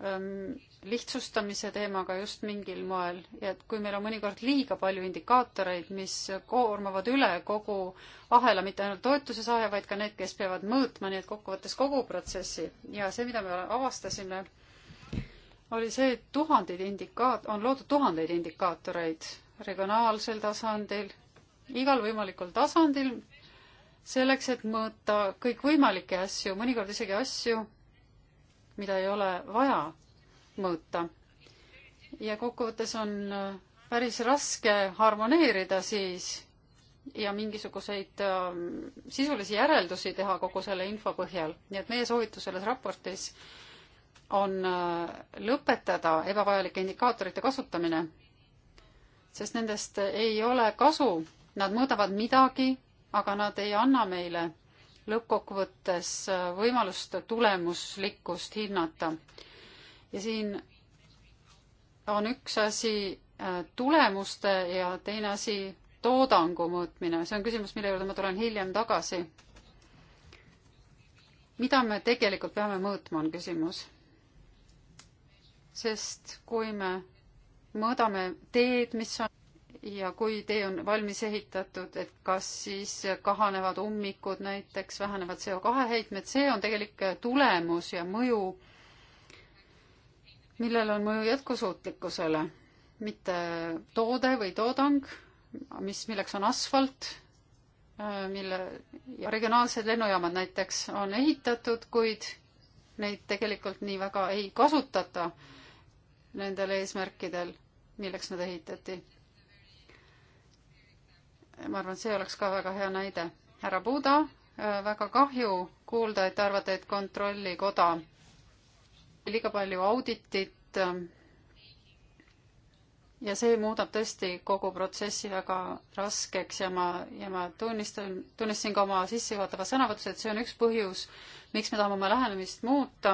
ähm, lihtsustamise teemaga just mingil moel ja et kui meil on mõnikord liiga palju indikaatoreid, mis koormavad üle kogu ahela, mitte ainult toetuse saaja, vaid ka need, kes peavad mõõtma, nii et kokkuvõttes kogu protsessi ja see, mida me avastasime, oli see, et tuhandeid indikaat-, on loodud tuhandeid indikaatoreid regionaalsel tasandil, igal võimalikul tasandil, selleks, et mõõta kõikvõimalikke asju, mõnikord isegi asju, mida ei ole vaja mõõta. ja kokkuvõttes on äh, päris raske harmoneerida siis ja mingisuguseid äh, sisulisi järeldusi teha kogu selle info põhjal. nii et meie soovitus selles raportis on äh, lõpetada ebavajalike indikaatorite kasutamine, sest nendest ei ole kasu, nad mõõdavad midagi, aga nad ei anna meile lõppkokkuvõttes võimalust tulemuslikkust hinnata ja siin on üks asi äh, tulemuste ja teine asi toodangu mõõtmine, see on küsimus, mille juurde ma tulen hiljem tagasi. mida me tegelikult peame mõõtma, on küsimus. sest kui me mõõdame teed, mis on ja kui tee on valmis ehitatud, et kas siis kahanevad ummikud näiteks, vähenevad CO2 heitmed, see on tegelik tulemus ja mõju millel on mõju jätkusuutlikkusele, mitte toode või toodang, mis, milleks on asfalt, äh, mille ja regionaalsed lennujaamad näiteks on ehitatud, kuid neid tegelikult nii väga ei kasutata nendel eesmärkidel, milleks nad ehitati. ma arvan, et see oleks ka väga hea näide. härra Buda, äh, väga kahju kuulda, et te arvate, et Kontrollikoda liiga palju auditit ähm, ja see muudab tõesti kogu protsessi väga raskeks ja ma, ja ma tunnistan, tunnistasin ka oma sissejuhatavas sõnavõtus, et see on üks põhjus, miks me tahame oma lähenemist muuta,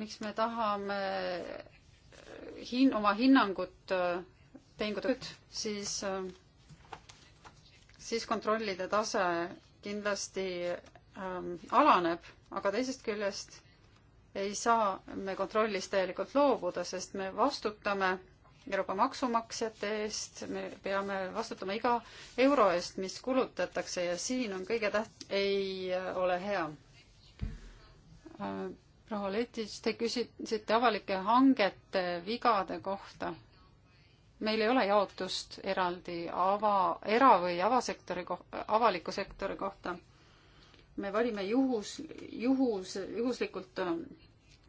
miks me tahame äh, hin-, oma hinnangut äh, tehingutööd, siis, äh, siis kontrollide tase kindlasti ähm, alaneb, aga teisest küljest ei saa me kontrollist täielikult loobuda, sest me vastutame Euroopa maksumaksjate eest, me peame vastutama iga euro eest, mis kulutatakse ja siin on kõige täht-, ei äh, ole hea. Äh, proua Letis, te küsisite avalike hangete vigade kohta. meil ei ole jaotust eraldi ava, era- või avasektori koh-, avaliku sektori kohta me valime juhus, juhus, juhuslikult äh,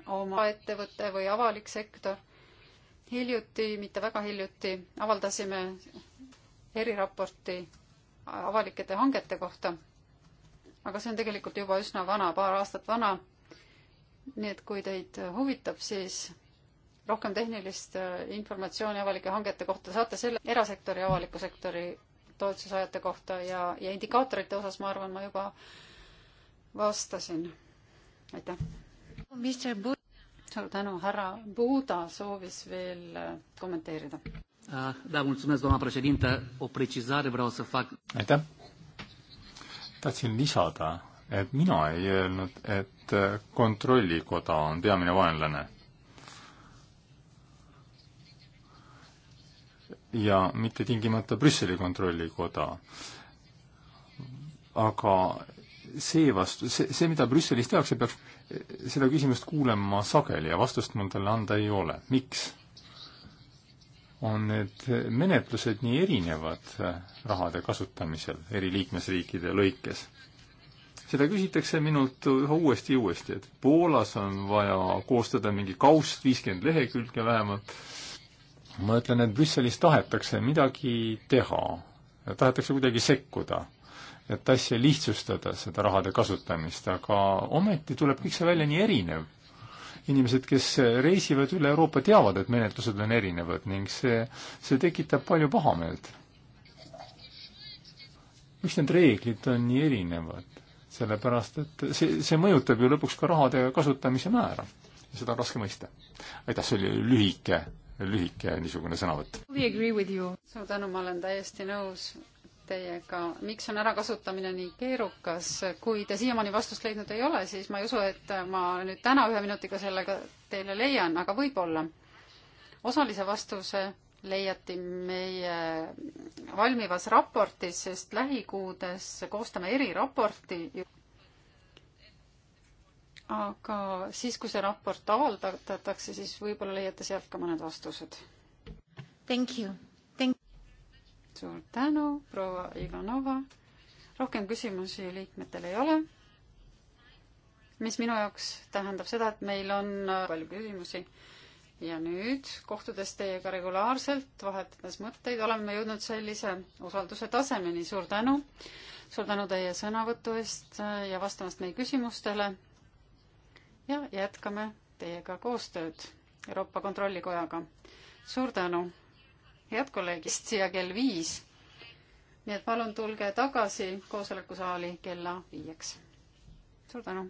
oma ettevõte või avalik sektor. hiljuti, mitte väga hiljuti, avaldasime eriraporti avalikete hangete kohta. aga see on tegelikult juba üsna vana, paar aastat vana. nii et kui teid huvitab, siis rohkem tehnilist äh, informatsiooni avalike hangete kohta saate selle erasektori ja avaliku sektori toetusesaajate kohta ja, ja indikaatorite osas, ma arvan, ma juba äh, vastasin. aitäh. suur tänu, härra Buda soovis veel äh, kommenteerida. Da, mulțumesc, doamna președintă. O precizare vreau să fac. Aitäh. Tahtsin lisada, et mina ei öelnud, et äh, kontrollikoda on peamine vaenlane. ja mitte tingimata Brüsseli kontrollikoda. aga seevastu, see, see, mida Brüsselis tehakse, peaks, seda küsimust kuulen ma sageli ja vastust mul talle anda ei ole. miks? on need menetlused nii erinevad rahade kasutamisel eri liikmesriikide lõikes? seda küsitakse minult üha uuesti ja uuesti, et Poolas on vaja koostada mingi kaust, viiskümmend lehekülge vähemalt. ma ütlen, et Brüsselis tahetakse midagi teha, tahetakse kuidagi sekkuda et asja lihtsustada, seda rahade kasutamist, aga ometi tuleb kõik see välja nii erinev. inimesed, kes reisivad üle Euroopa, teavad, et menetlused on erinevad ning see, see tekitab palju pahameelt. miks need reeglid on nii erinevad? sellepärast, et see, see mõjutab ju lõpuks ka rahade kasutamise määra. seda on raske mõista. aitäh, see oli lühike, lühike niisugune sõnavõtt. suur tänu, ma olen täiesti nõus teiega, miks on ärakasutamine nii keerukas, kui te siiamaani vastust leidnud ei ole, siis ma ei usu, et ma nüüd täna ühe minutiga sellega teile leian, aga võib-olla osalise vastuse leiati meie valmivas raportis, sest lähikuudes koostame eriraporti. aga siis, kui see raport avaldatakse, siis võib-olla leiate sealt ka mõned vastused. Thank you suur tänu, proua Ivanova. rohkem küsimusi liikmetel ei ole. mis minu jaoks tähendab seda, et meil on äh, palju küsimusi. ja nüüd, kohtudes teiega regulaarselt, vahetades mõtteid, oleme jõudnud sellise usalduse tasemeni. suur tänu. suur tänu teie sõnavõtu eest äh, ja vastamast meie küsimustele. ja jätkame teiega koostööd Euroopa Kontrollikojaga. suur tänu jätkukolleegist siia kell viis. nii et palun tulge tagasi koosolekusaali kella viieks. suur tänu!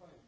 fine.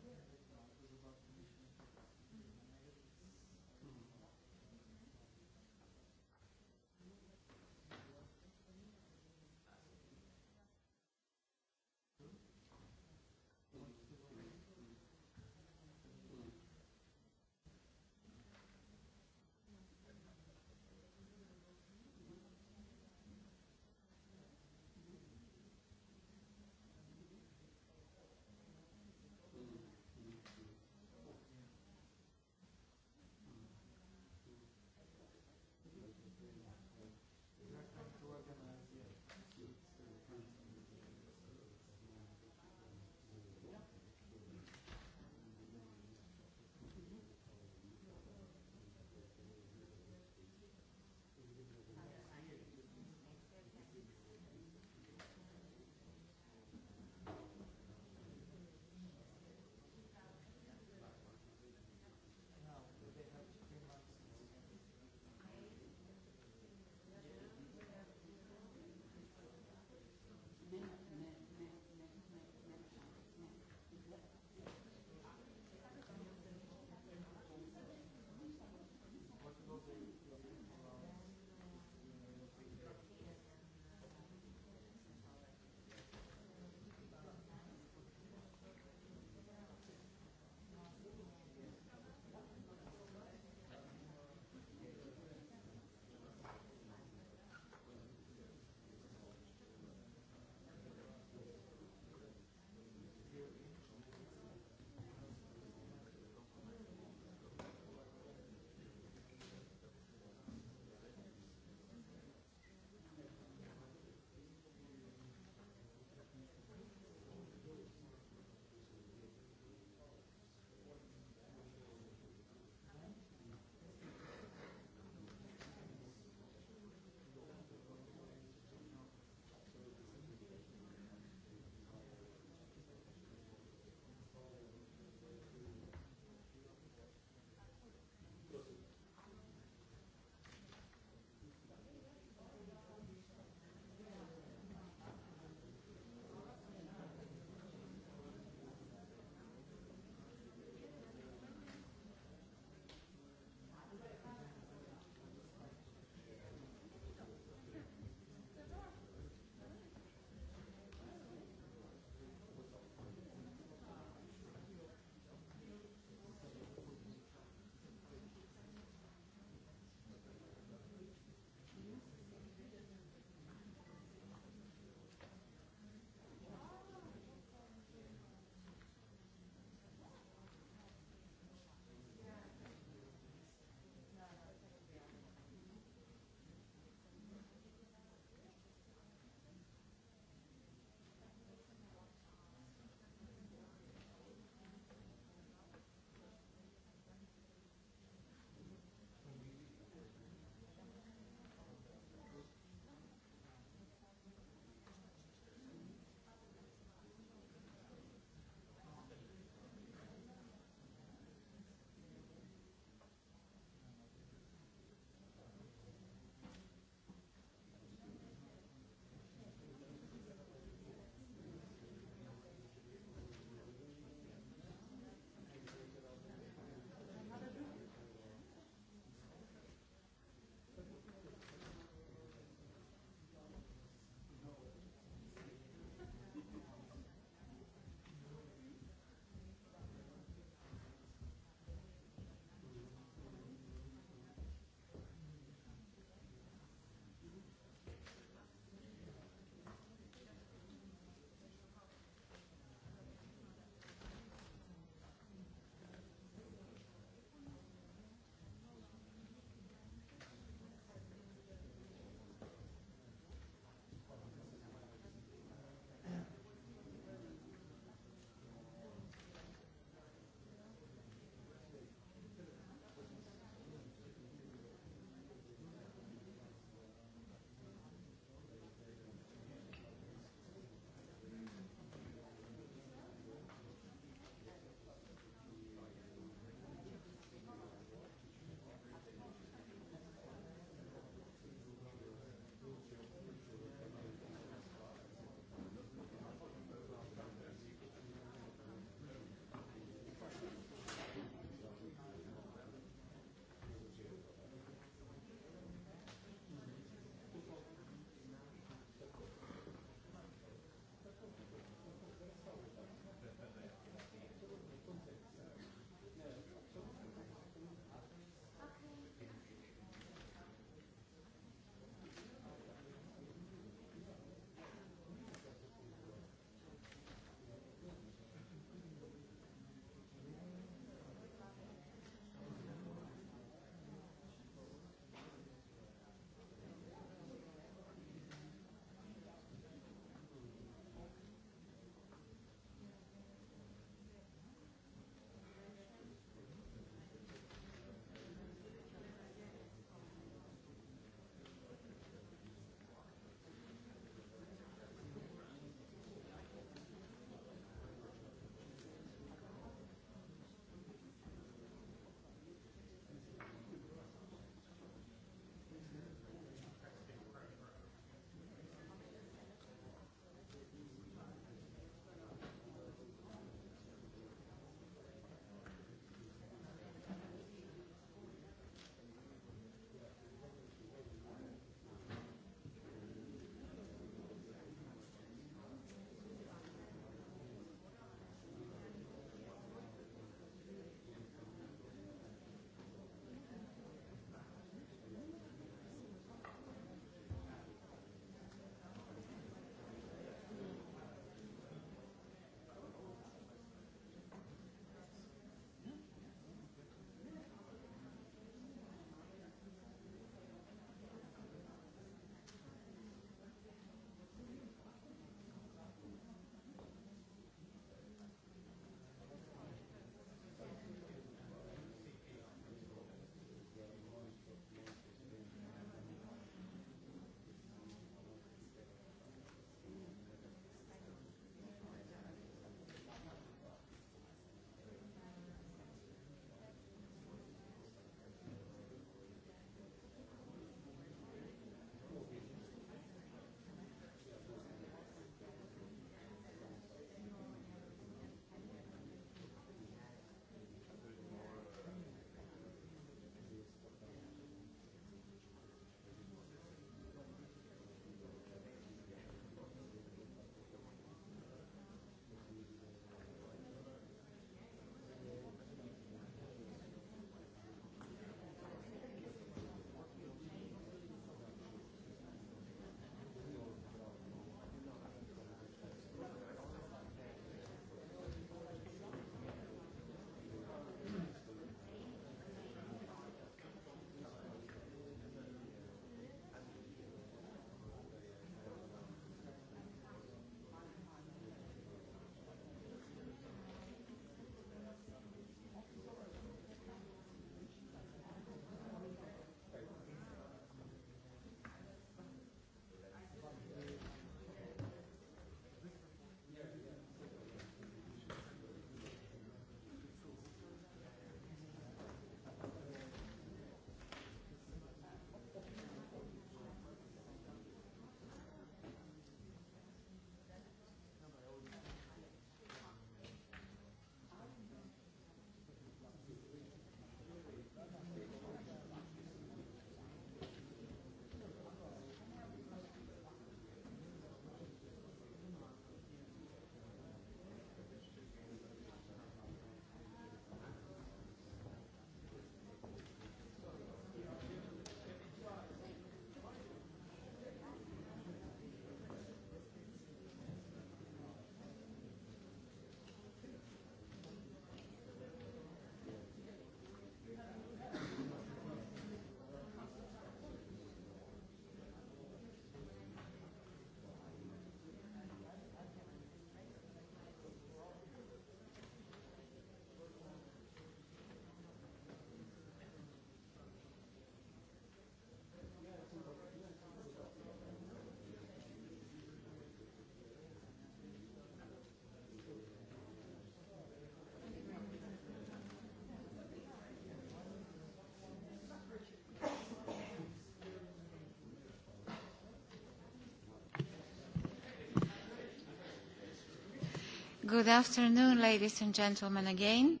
Good afternoon, ladies and gentlemen again.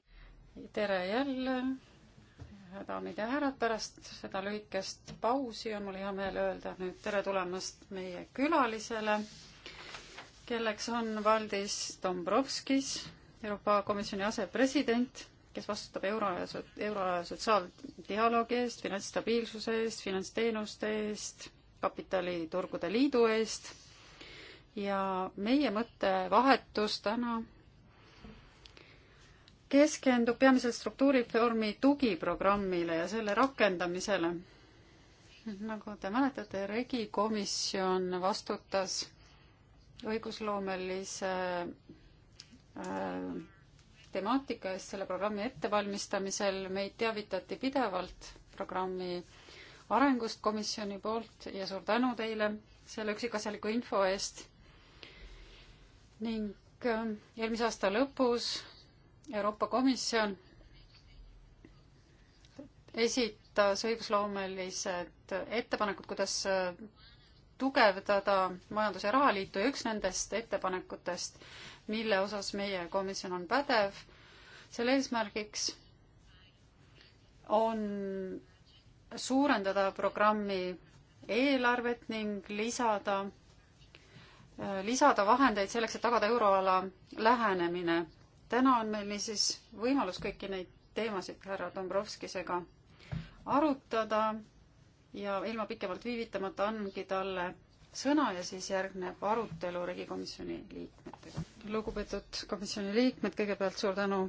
tere jälle, daamid ja härrad, pärast seda lühikest pausi on mul hea meel öelda nüüd tere tulemast meie külalisele, kelleks on Valdis Dombrovskis, Euroopa Komisjoni asepresident, kes vastutab euroala ja euroala sotsiaaldialoogi eest, finantsstabiilsuse eest, finantsteenuste eest, kapitaliturgude liidu eest ja meie mõttevahetus täna keskendub peamiselt struktuurireformi tugiprogrammile ja selle rakendamisele. nagu te mäletate, Regi komisjon vastutas õigusloomelise äh, temaatika eest selle programmi ettevalmistamisel. meid teavitati pidevalt programmi arengust komisjoni poolt ja suur tänu teile selle üksikasjaliku info eest ning äh, eelmise aasta lõpus Euroopa Komisjon esitas õigusloomelised ettepanekud, kuidas äh, tugevdada majandus- ja rahaliitu ja üks nendest ettepanekutest, mille osas meie komisjon on pädev, selle eesmärgiks on suurendada programmi eelarvet ning lisada Äh, lisada vahendeid selleks, et tagada euroala lähenemine. täna on meil niisiis võimalus kõiki neid teemasid härra Dombrovskisega arutada ja ilma pikemalt viivitamata andmegi talle sõna ja siis järgneb arutelu Riigikomisjoni liikmetega. lugupeetud komisjoni liikmed, kõigepealt suur tänu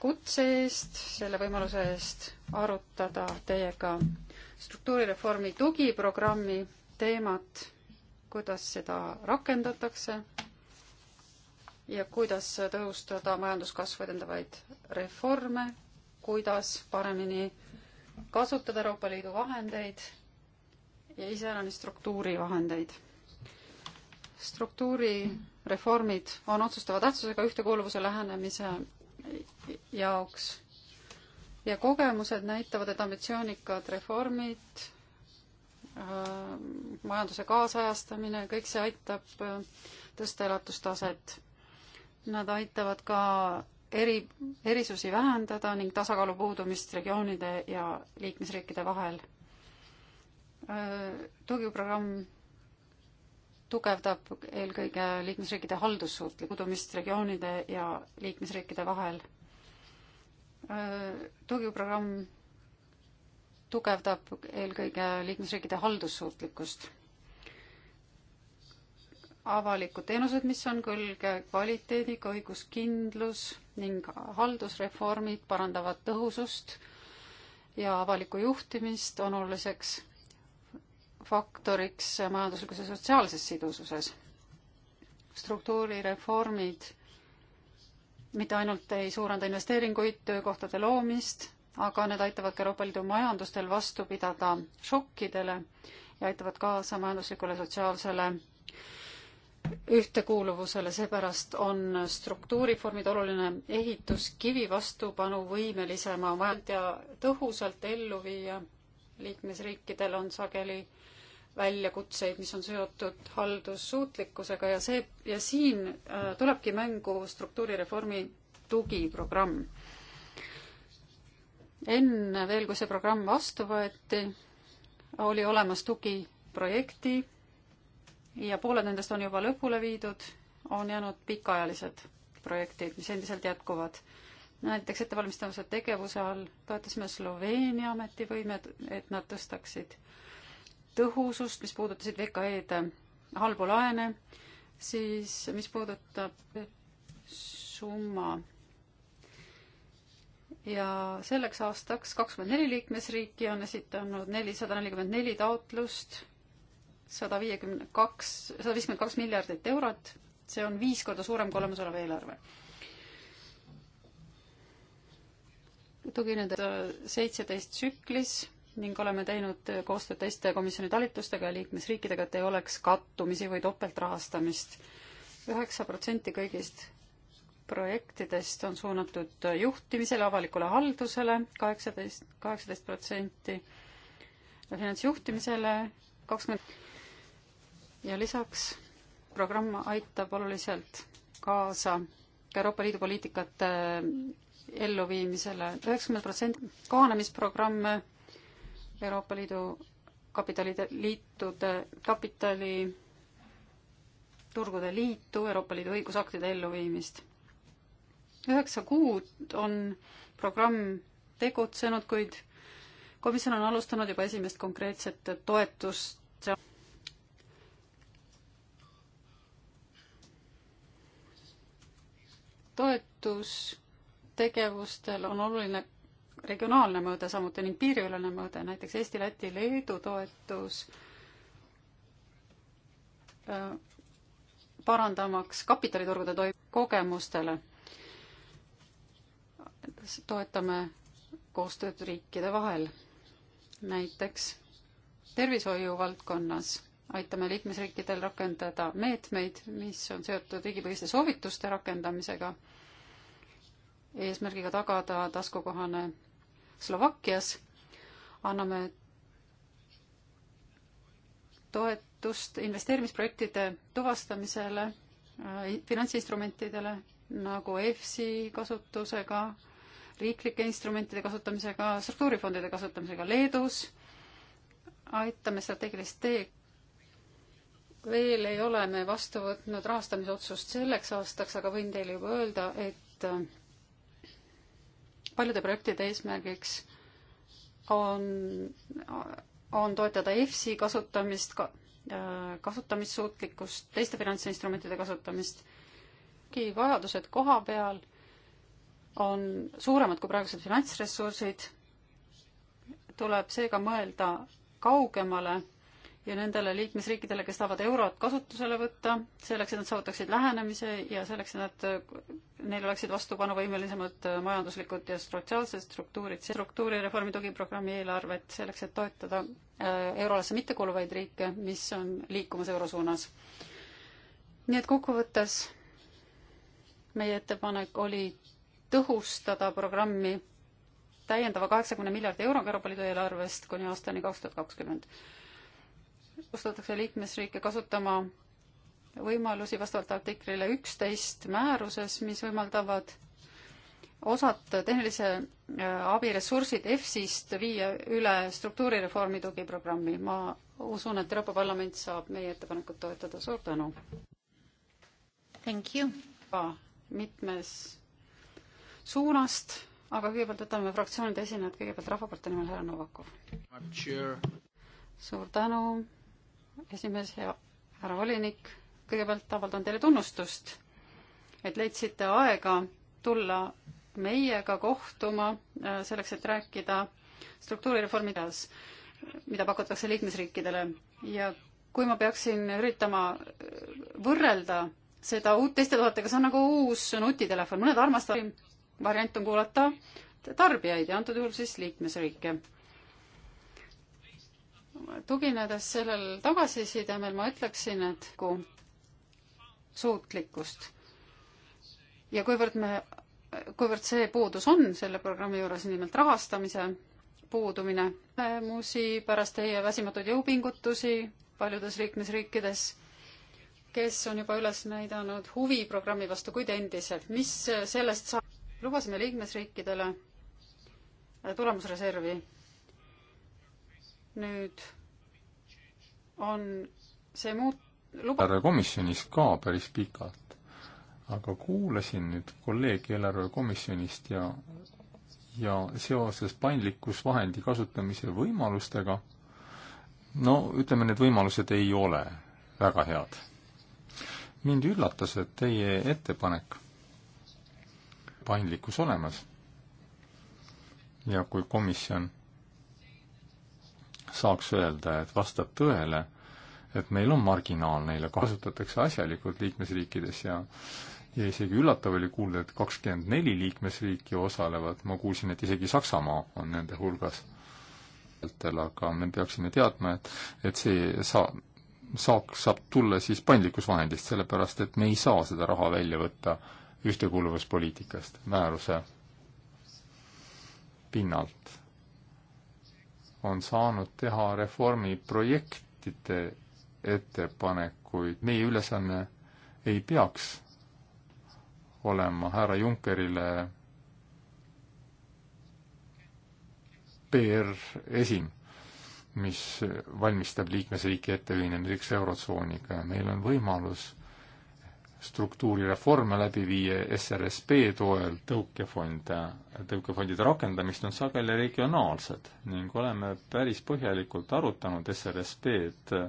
kutse eest, selle võimaluse eest arutada teiega struktuurireformi tugiprogrammi teemat kuidas seda rakendatakse ja kuidas tõhustada majanduskasvu edendavaid reforme, kuidas paremini kasutada Euroopa Liidu vahendeid ja iseäranis struktuurivahendeid. struktuurireformid on otsustava tähtsusega ühtekuuluvuse lähenemise jaoks ja kogemused näitavad, et ambitsioonikad reformid Äh, majanduse kaasajastamine, kõik see aitab äh, tõsta elatustaset. Nad aitavad ka eri, erisusi vähendada ning tasakaalu puudumist regioonide ja liikmesriikide vahel. Äh, tugiprogramm tugevdab eelkõige liikmesriikide haldussuutli kudumist regioonide ja liikmesriikide vahel. tugiprogramm tugevdab eelkõige liikmesriikide haldussuutlikkust. avalikud teenused, mis on külge kvaliteediga, õiguskindlus ning haldusreformid parandavad tõhusust ja avalikku juhtimist on oluliseks faktoriks majanduslikus ja sotsiaalses sidususes. struktuurireformid mitte ainult ei suurenda investeeringuid, töökohtade loomist, aga need aitavad ka Euroopa Liidu majandustel vastu pidada šokkidele ja aitavad kaasa majanduslikule sotsiaalsele ühtekuuluvusele, seepärast on struktuuriformid oluline ehitus kivi vastupanuvõimelisema majand- ja tõhusalt ellu viia. liikmesriikidel on sageli väljakutseid, mis on seotud haldussuutlikkusega ja see, ja siin äh, tulebki mängu struktuurireformi tugiprogramm enne veel, kui see programm vastu võeti, oli olemas tugiprojekti ja pooled nendest on juba lõpule viidud, on jäänud pikaajalised projektid, mis endiselt jätkuvad. näiteks ettevalmistamise tegevuse all toetasime Sloveenia ametivõimed, et nad tõstaksid tõhusust, mis puudutasid VKE-de halbu laene, siis mis puudutab summa ja selleks aastaks kakskümmend neli liikmesriiki on esitanud nelisada nelikümmend neli taotlust, sada viiekümne kaks, sada viiskümmend kaks miljardit eurot, see on viis korda suurem kui olemasolev eelarve. tuginedes äh, seitseteist tsüklis ning oleme teinud koostööd teiste komisjoni talitustega ja liikmesriikidega, et ei oleks kattumisi või topeltrahastamist. üheksa protsenti kõigist projektidest on suunatud juhtimisele, avalikule haldusele kaheksateist, kaheksateist protsenti, finantsjuhtimisele kakskümmend ja lisaks programm aitab oluliselt kaasa ka Euroopa Liidu poliitikate elluviimisele. üheksakümmend protsenti kohanemisprogramme Euroopa Liidu kapitalide liitude, kapitali turgude liitu, Euroopa Liidu õigusaktide elluviimist üheksa kuud on programm tegutsenud, kuid komisjon on alustanud juba esimest konkreetset toetust. toetustegevustel on oluline regionaalne mõõde samuti ning piiriülene mõõde, näiteks Eesti, Läti, Leedu toetus äh, parandamaks kapitaliturgude toim-, kogemustele toetame koostööd riikide vahel. näiteks tervishoiu valdkonnas aitame liikmesriikidel rakendada meetmeid, mis on seotud riigipõhiste soovituste rakendamisega, eesmärgiga tagada taskukohane Slovakkias, anname toetust investeerimisprojektide tuvastamisele, äh, finantsinstrumentidele nagu EFSI kasutusega, riiklike instrumentide kasutamisega, struktuurifondide kasutamisega Leedus, aitame strateegilist tee. veel ei ole me vastu võtnud rahastamisotsust selleks aastaks, aga võin teile juba öelda, et äh, paljude projektide eesmärgiks on, on toetada EFSI kasutamist ka,, äh, kasutamissuutlikkust, teiste finantsinstrumentide kasutamist, vajadused koha peal on suuremad kui praegused finantsressursid, tuleb seega mõelda kaugemale ja nendele liikmesriikidele, kes tahavad eurot kasutusele võtta, selleks, et nad saavutaksid lähenemise ja selleks, et nad, neil oleksid vastupanuvõimelisemad majanduslikud ja sotsiaalsed struktuurid, struktuurireformi tugiprogrammi eelarvet, selleks, et toetada äh, euroalasse mittekuuluvaid riike, mis on liikumas euro suunas. nii et kokkuvõttes meie ettepanek oli tõhustada programmi täiendava kaheksakümne miljardi euroga Euroopa Liidu eelarvest kuni aastani kaks tuhat kakskümmend. kohustatakse liikmesriike kasutama võimalusi vastavalt artiklile üksteist määruses, mis võimaldavad osad tehnilise äh, abi ressursid EFSist viia üle struktuurireformi tugiprogrammi. ma usun, et Euroopa Parlament saab meie ettepanekut toetada. suur tänu! Thank you! mitmes suunast, aga kõigepealt võtame fraktsioonide esinejad, kõigepealt Rahvapartei nimel härra Novakov. suur tänu, esimees ja härra volinik, kõigepealt avaldan teile tunnustust, et leidsite aega tulla meiega kohtuma äh, selleks, et rääkida struktuurireformides, mida pakutakse liikmesriikidele ja kui ma peaksin üritama äh, võrrelda seda uut teiste tuhatega, see on nagu uus nutitelefon, mõned armastavad variant on kuulata tarbijaid ja antud juhul siis liikmesriike. tuginedes sellel tagasisidemel ma ütleksin, et kui suutlikkust ja kuivõrd me, kuivõrd see puudus on selle programmi juures, nimelt rahastamise puudumine, muusi pärast teie väsimatuid jõupingutusi paljudes liikmesriikides kes on juba üles näidanud huvi programmi vastu, kuid endiselt, mis sellest saab? lubasime liikmesriikidele äh, tulemusreservi. nüüd on see muut-, luba-... komisjonis ka päris pikalt, aga kuulasin nüüd kolleegi eelarvekomisjonist ja, ja seoses paindlikkusvahendi kasutamise võimalustega, no ütleme, need võimalused ei ole väga head. mind üllatas, et teie ettepanek paindlikkus olemas. ja kui komisjon saaks öelda, et vastab tõele, et meil on marginaal neile, kasutatakse asjalikult liikmesriikides ja ja isegi üllatav oli kuulda, et kakskümmend neli liikmesriiki osalevad, ma kuulsin, et isegi Saksamaa on nende hulgas. aga me peaksime teadma, et, et see saa-, saak saab tulla siis paindlikkusvahendist, sellepärast et me ei saa seda raha välja võtta äh, ühtekuuluvuspoliitikast määruse pinnalt on saanud teha reformiprojektide ettepanekuid. meie ülesanne ei peaks olema härra Junckerile PR-esin, mis valmistab liikmesriiki ette ühinemiseks Eurotsooniga ja meil on võimalus struktuurireforme läbi viia SRSP toel tõukefonde, tõukefondide rakendamist on sageli regionaalsed ning oleme päris põhjalikult arutanud SRSP-d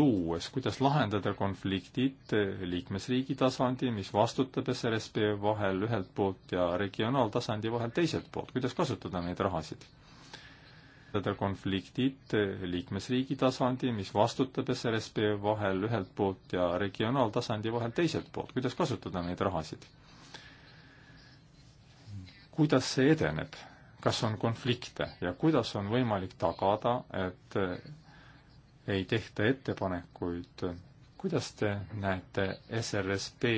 luues, kuidas lahendada konfliktid liikmesriigi tasandi, mis vastutab SRSP vahel ühelt poolt ja regionaaltasandi vahel teiselt poolt, kuidas kasutada neid rahasid konfliktid eh, liikmesriigi tasandi, mis vastutab SRSP vahel ühelt poolt ja regionaaltasandi vahel teiselt poolt, kuidas kasutada neid rahasid? kuidas see edeneb, kas on konflikte ja kuidas on võimalik tagada, et eh, ei tehta ettepanekuid, kuidas te näete SRSP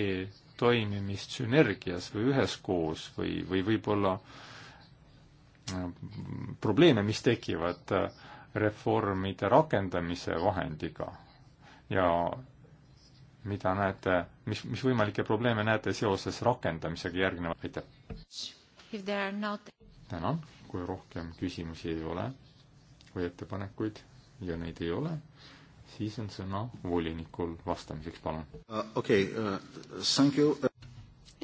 toimimist sünergias või üheskoos või, või võib-olla äh, probleeme, mis tekivad äh, reformide rakendamise vahendiga ja mida näete, mis, mis võimalikke probleeme näete seoses rakendamisega järgnevalt, aitäh! tänan, kui rohkem küsimusi ei ole või ettepanekuid ja neid ei ole, siis on sõna volinikul vastamiseks, palun uh,. okei okay, uh,, thank you uh....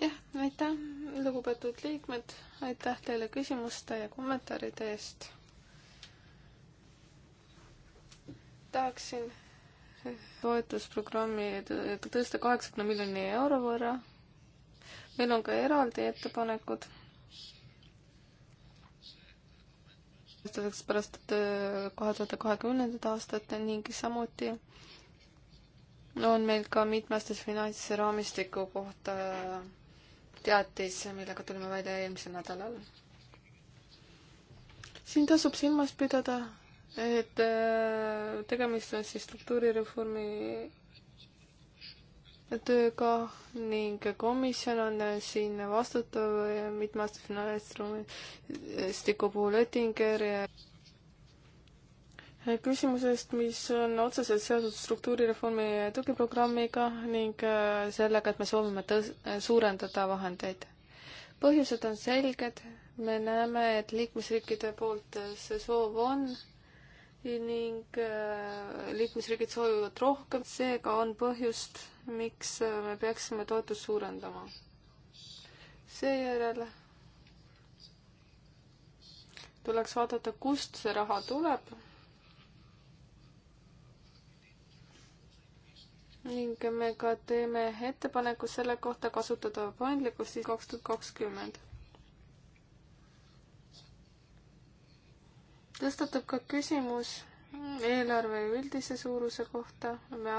jah, aitäh lugupeetud liikmed, aitäh teile küsimuste ja kommentaaride eest. tahaksin toetusprogrammi tõsta kaheksakümne miljoni euro võrra. meil on ka eraldi ettepanekud. pärast äh, kahe tuhande kahekümnendat aastat ning samuti on meil ka mitmestes finantsraamistiku kohta teatis, millega tulime välja eelmisel nädalal. siin tasub silmas pidada, et äh, tegemist on siis struktuurireformi tööga ning komisjon on siin vastutav mitmeaastase finantsruumistiku puhul Oettinger ja küsimusest, mis on otseselt seotud struktuurireformi tugiprogrammiga ning äh, sellega, et me soovime tõs-, suurendada vahendeid. põhjused on selged, me näeme, et liikmesriikide poolt äh, see soov on ning äh, liikmesriigid soovivad rohkem, seega on põhjust, miks me peaksime toetust suurendama. seejärel tuleks vaadata, kust see raha tuleb ning me ka teeme ettepaneku selle kohta kasutada paindlikkust siis kaks tuhat kakskümmend. tõstatub ka küsimus eelarve üldise suuruse kohta, me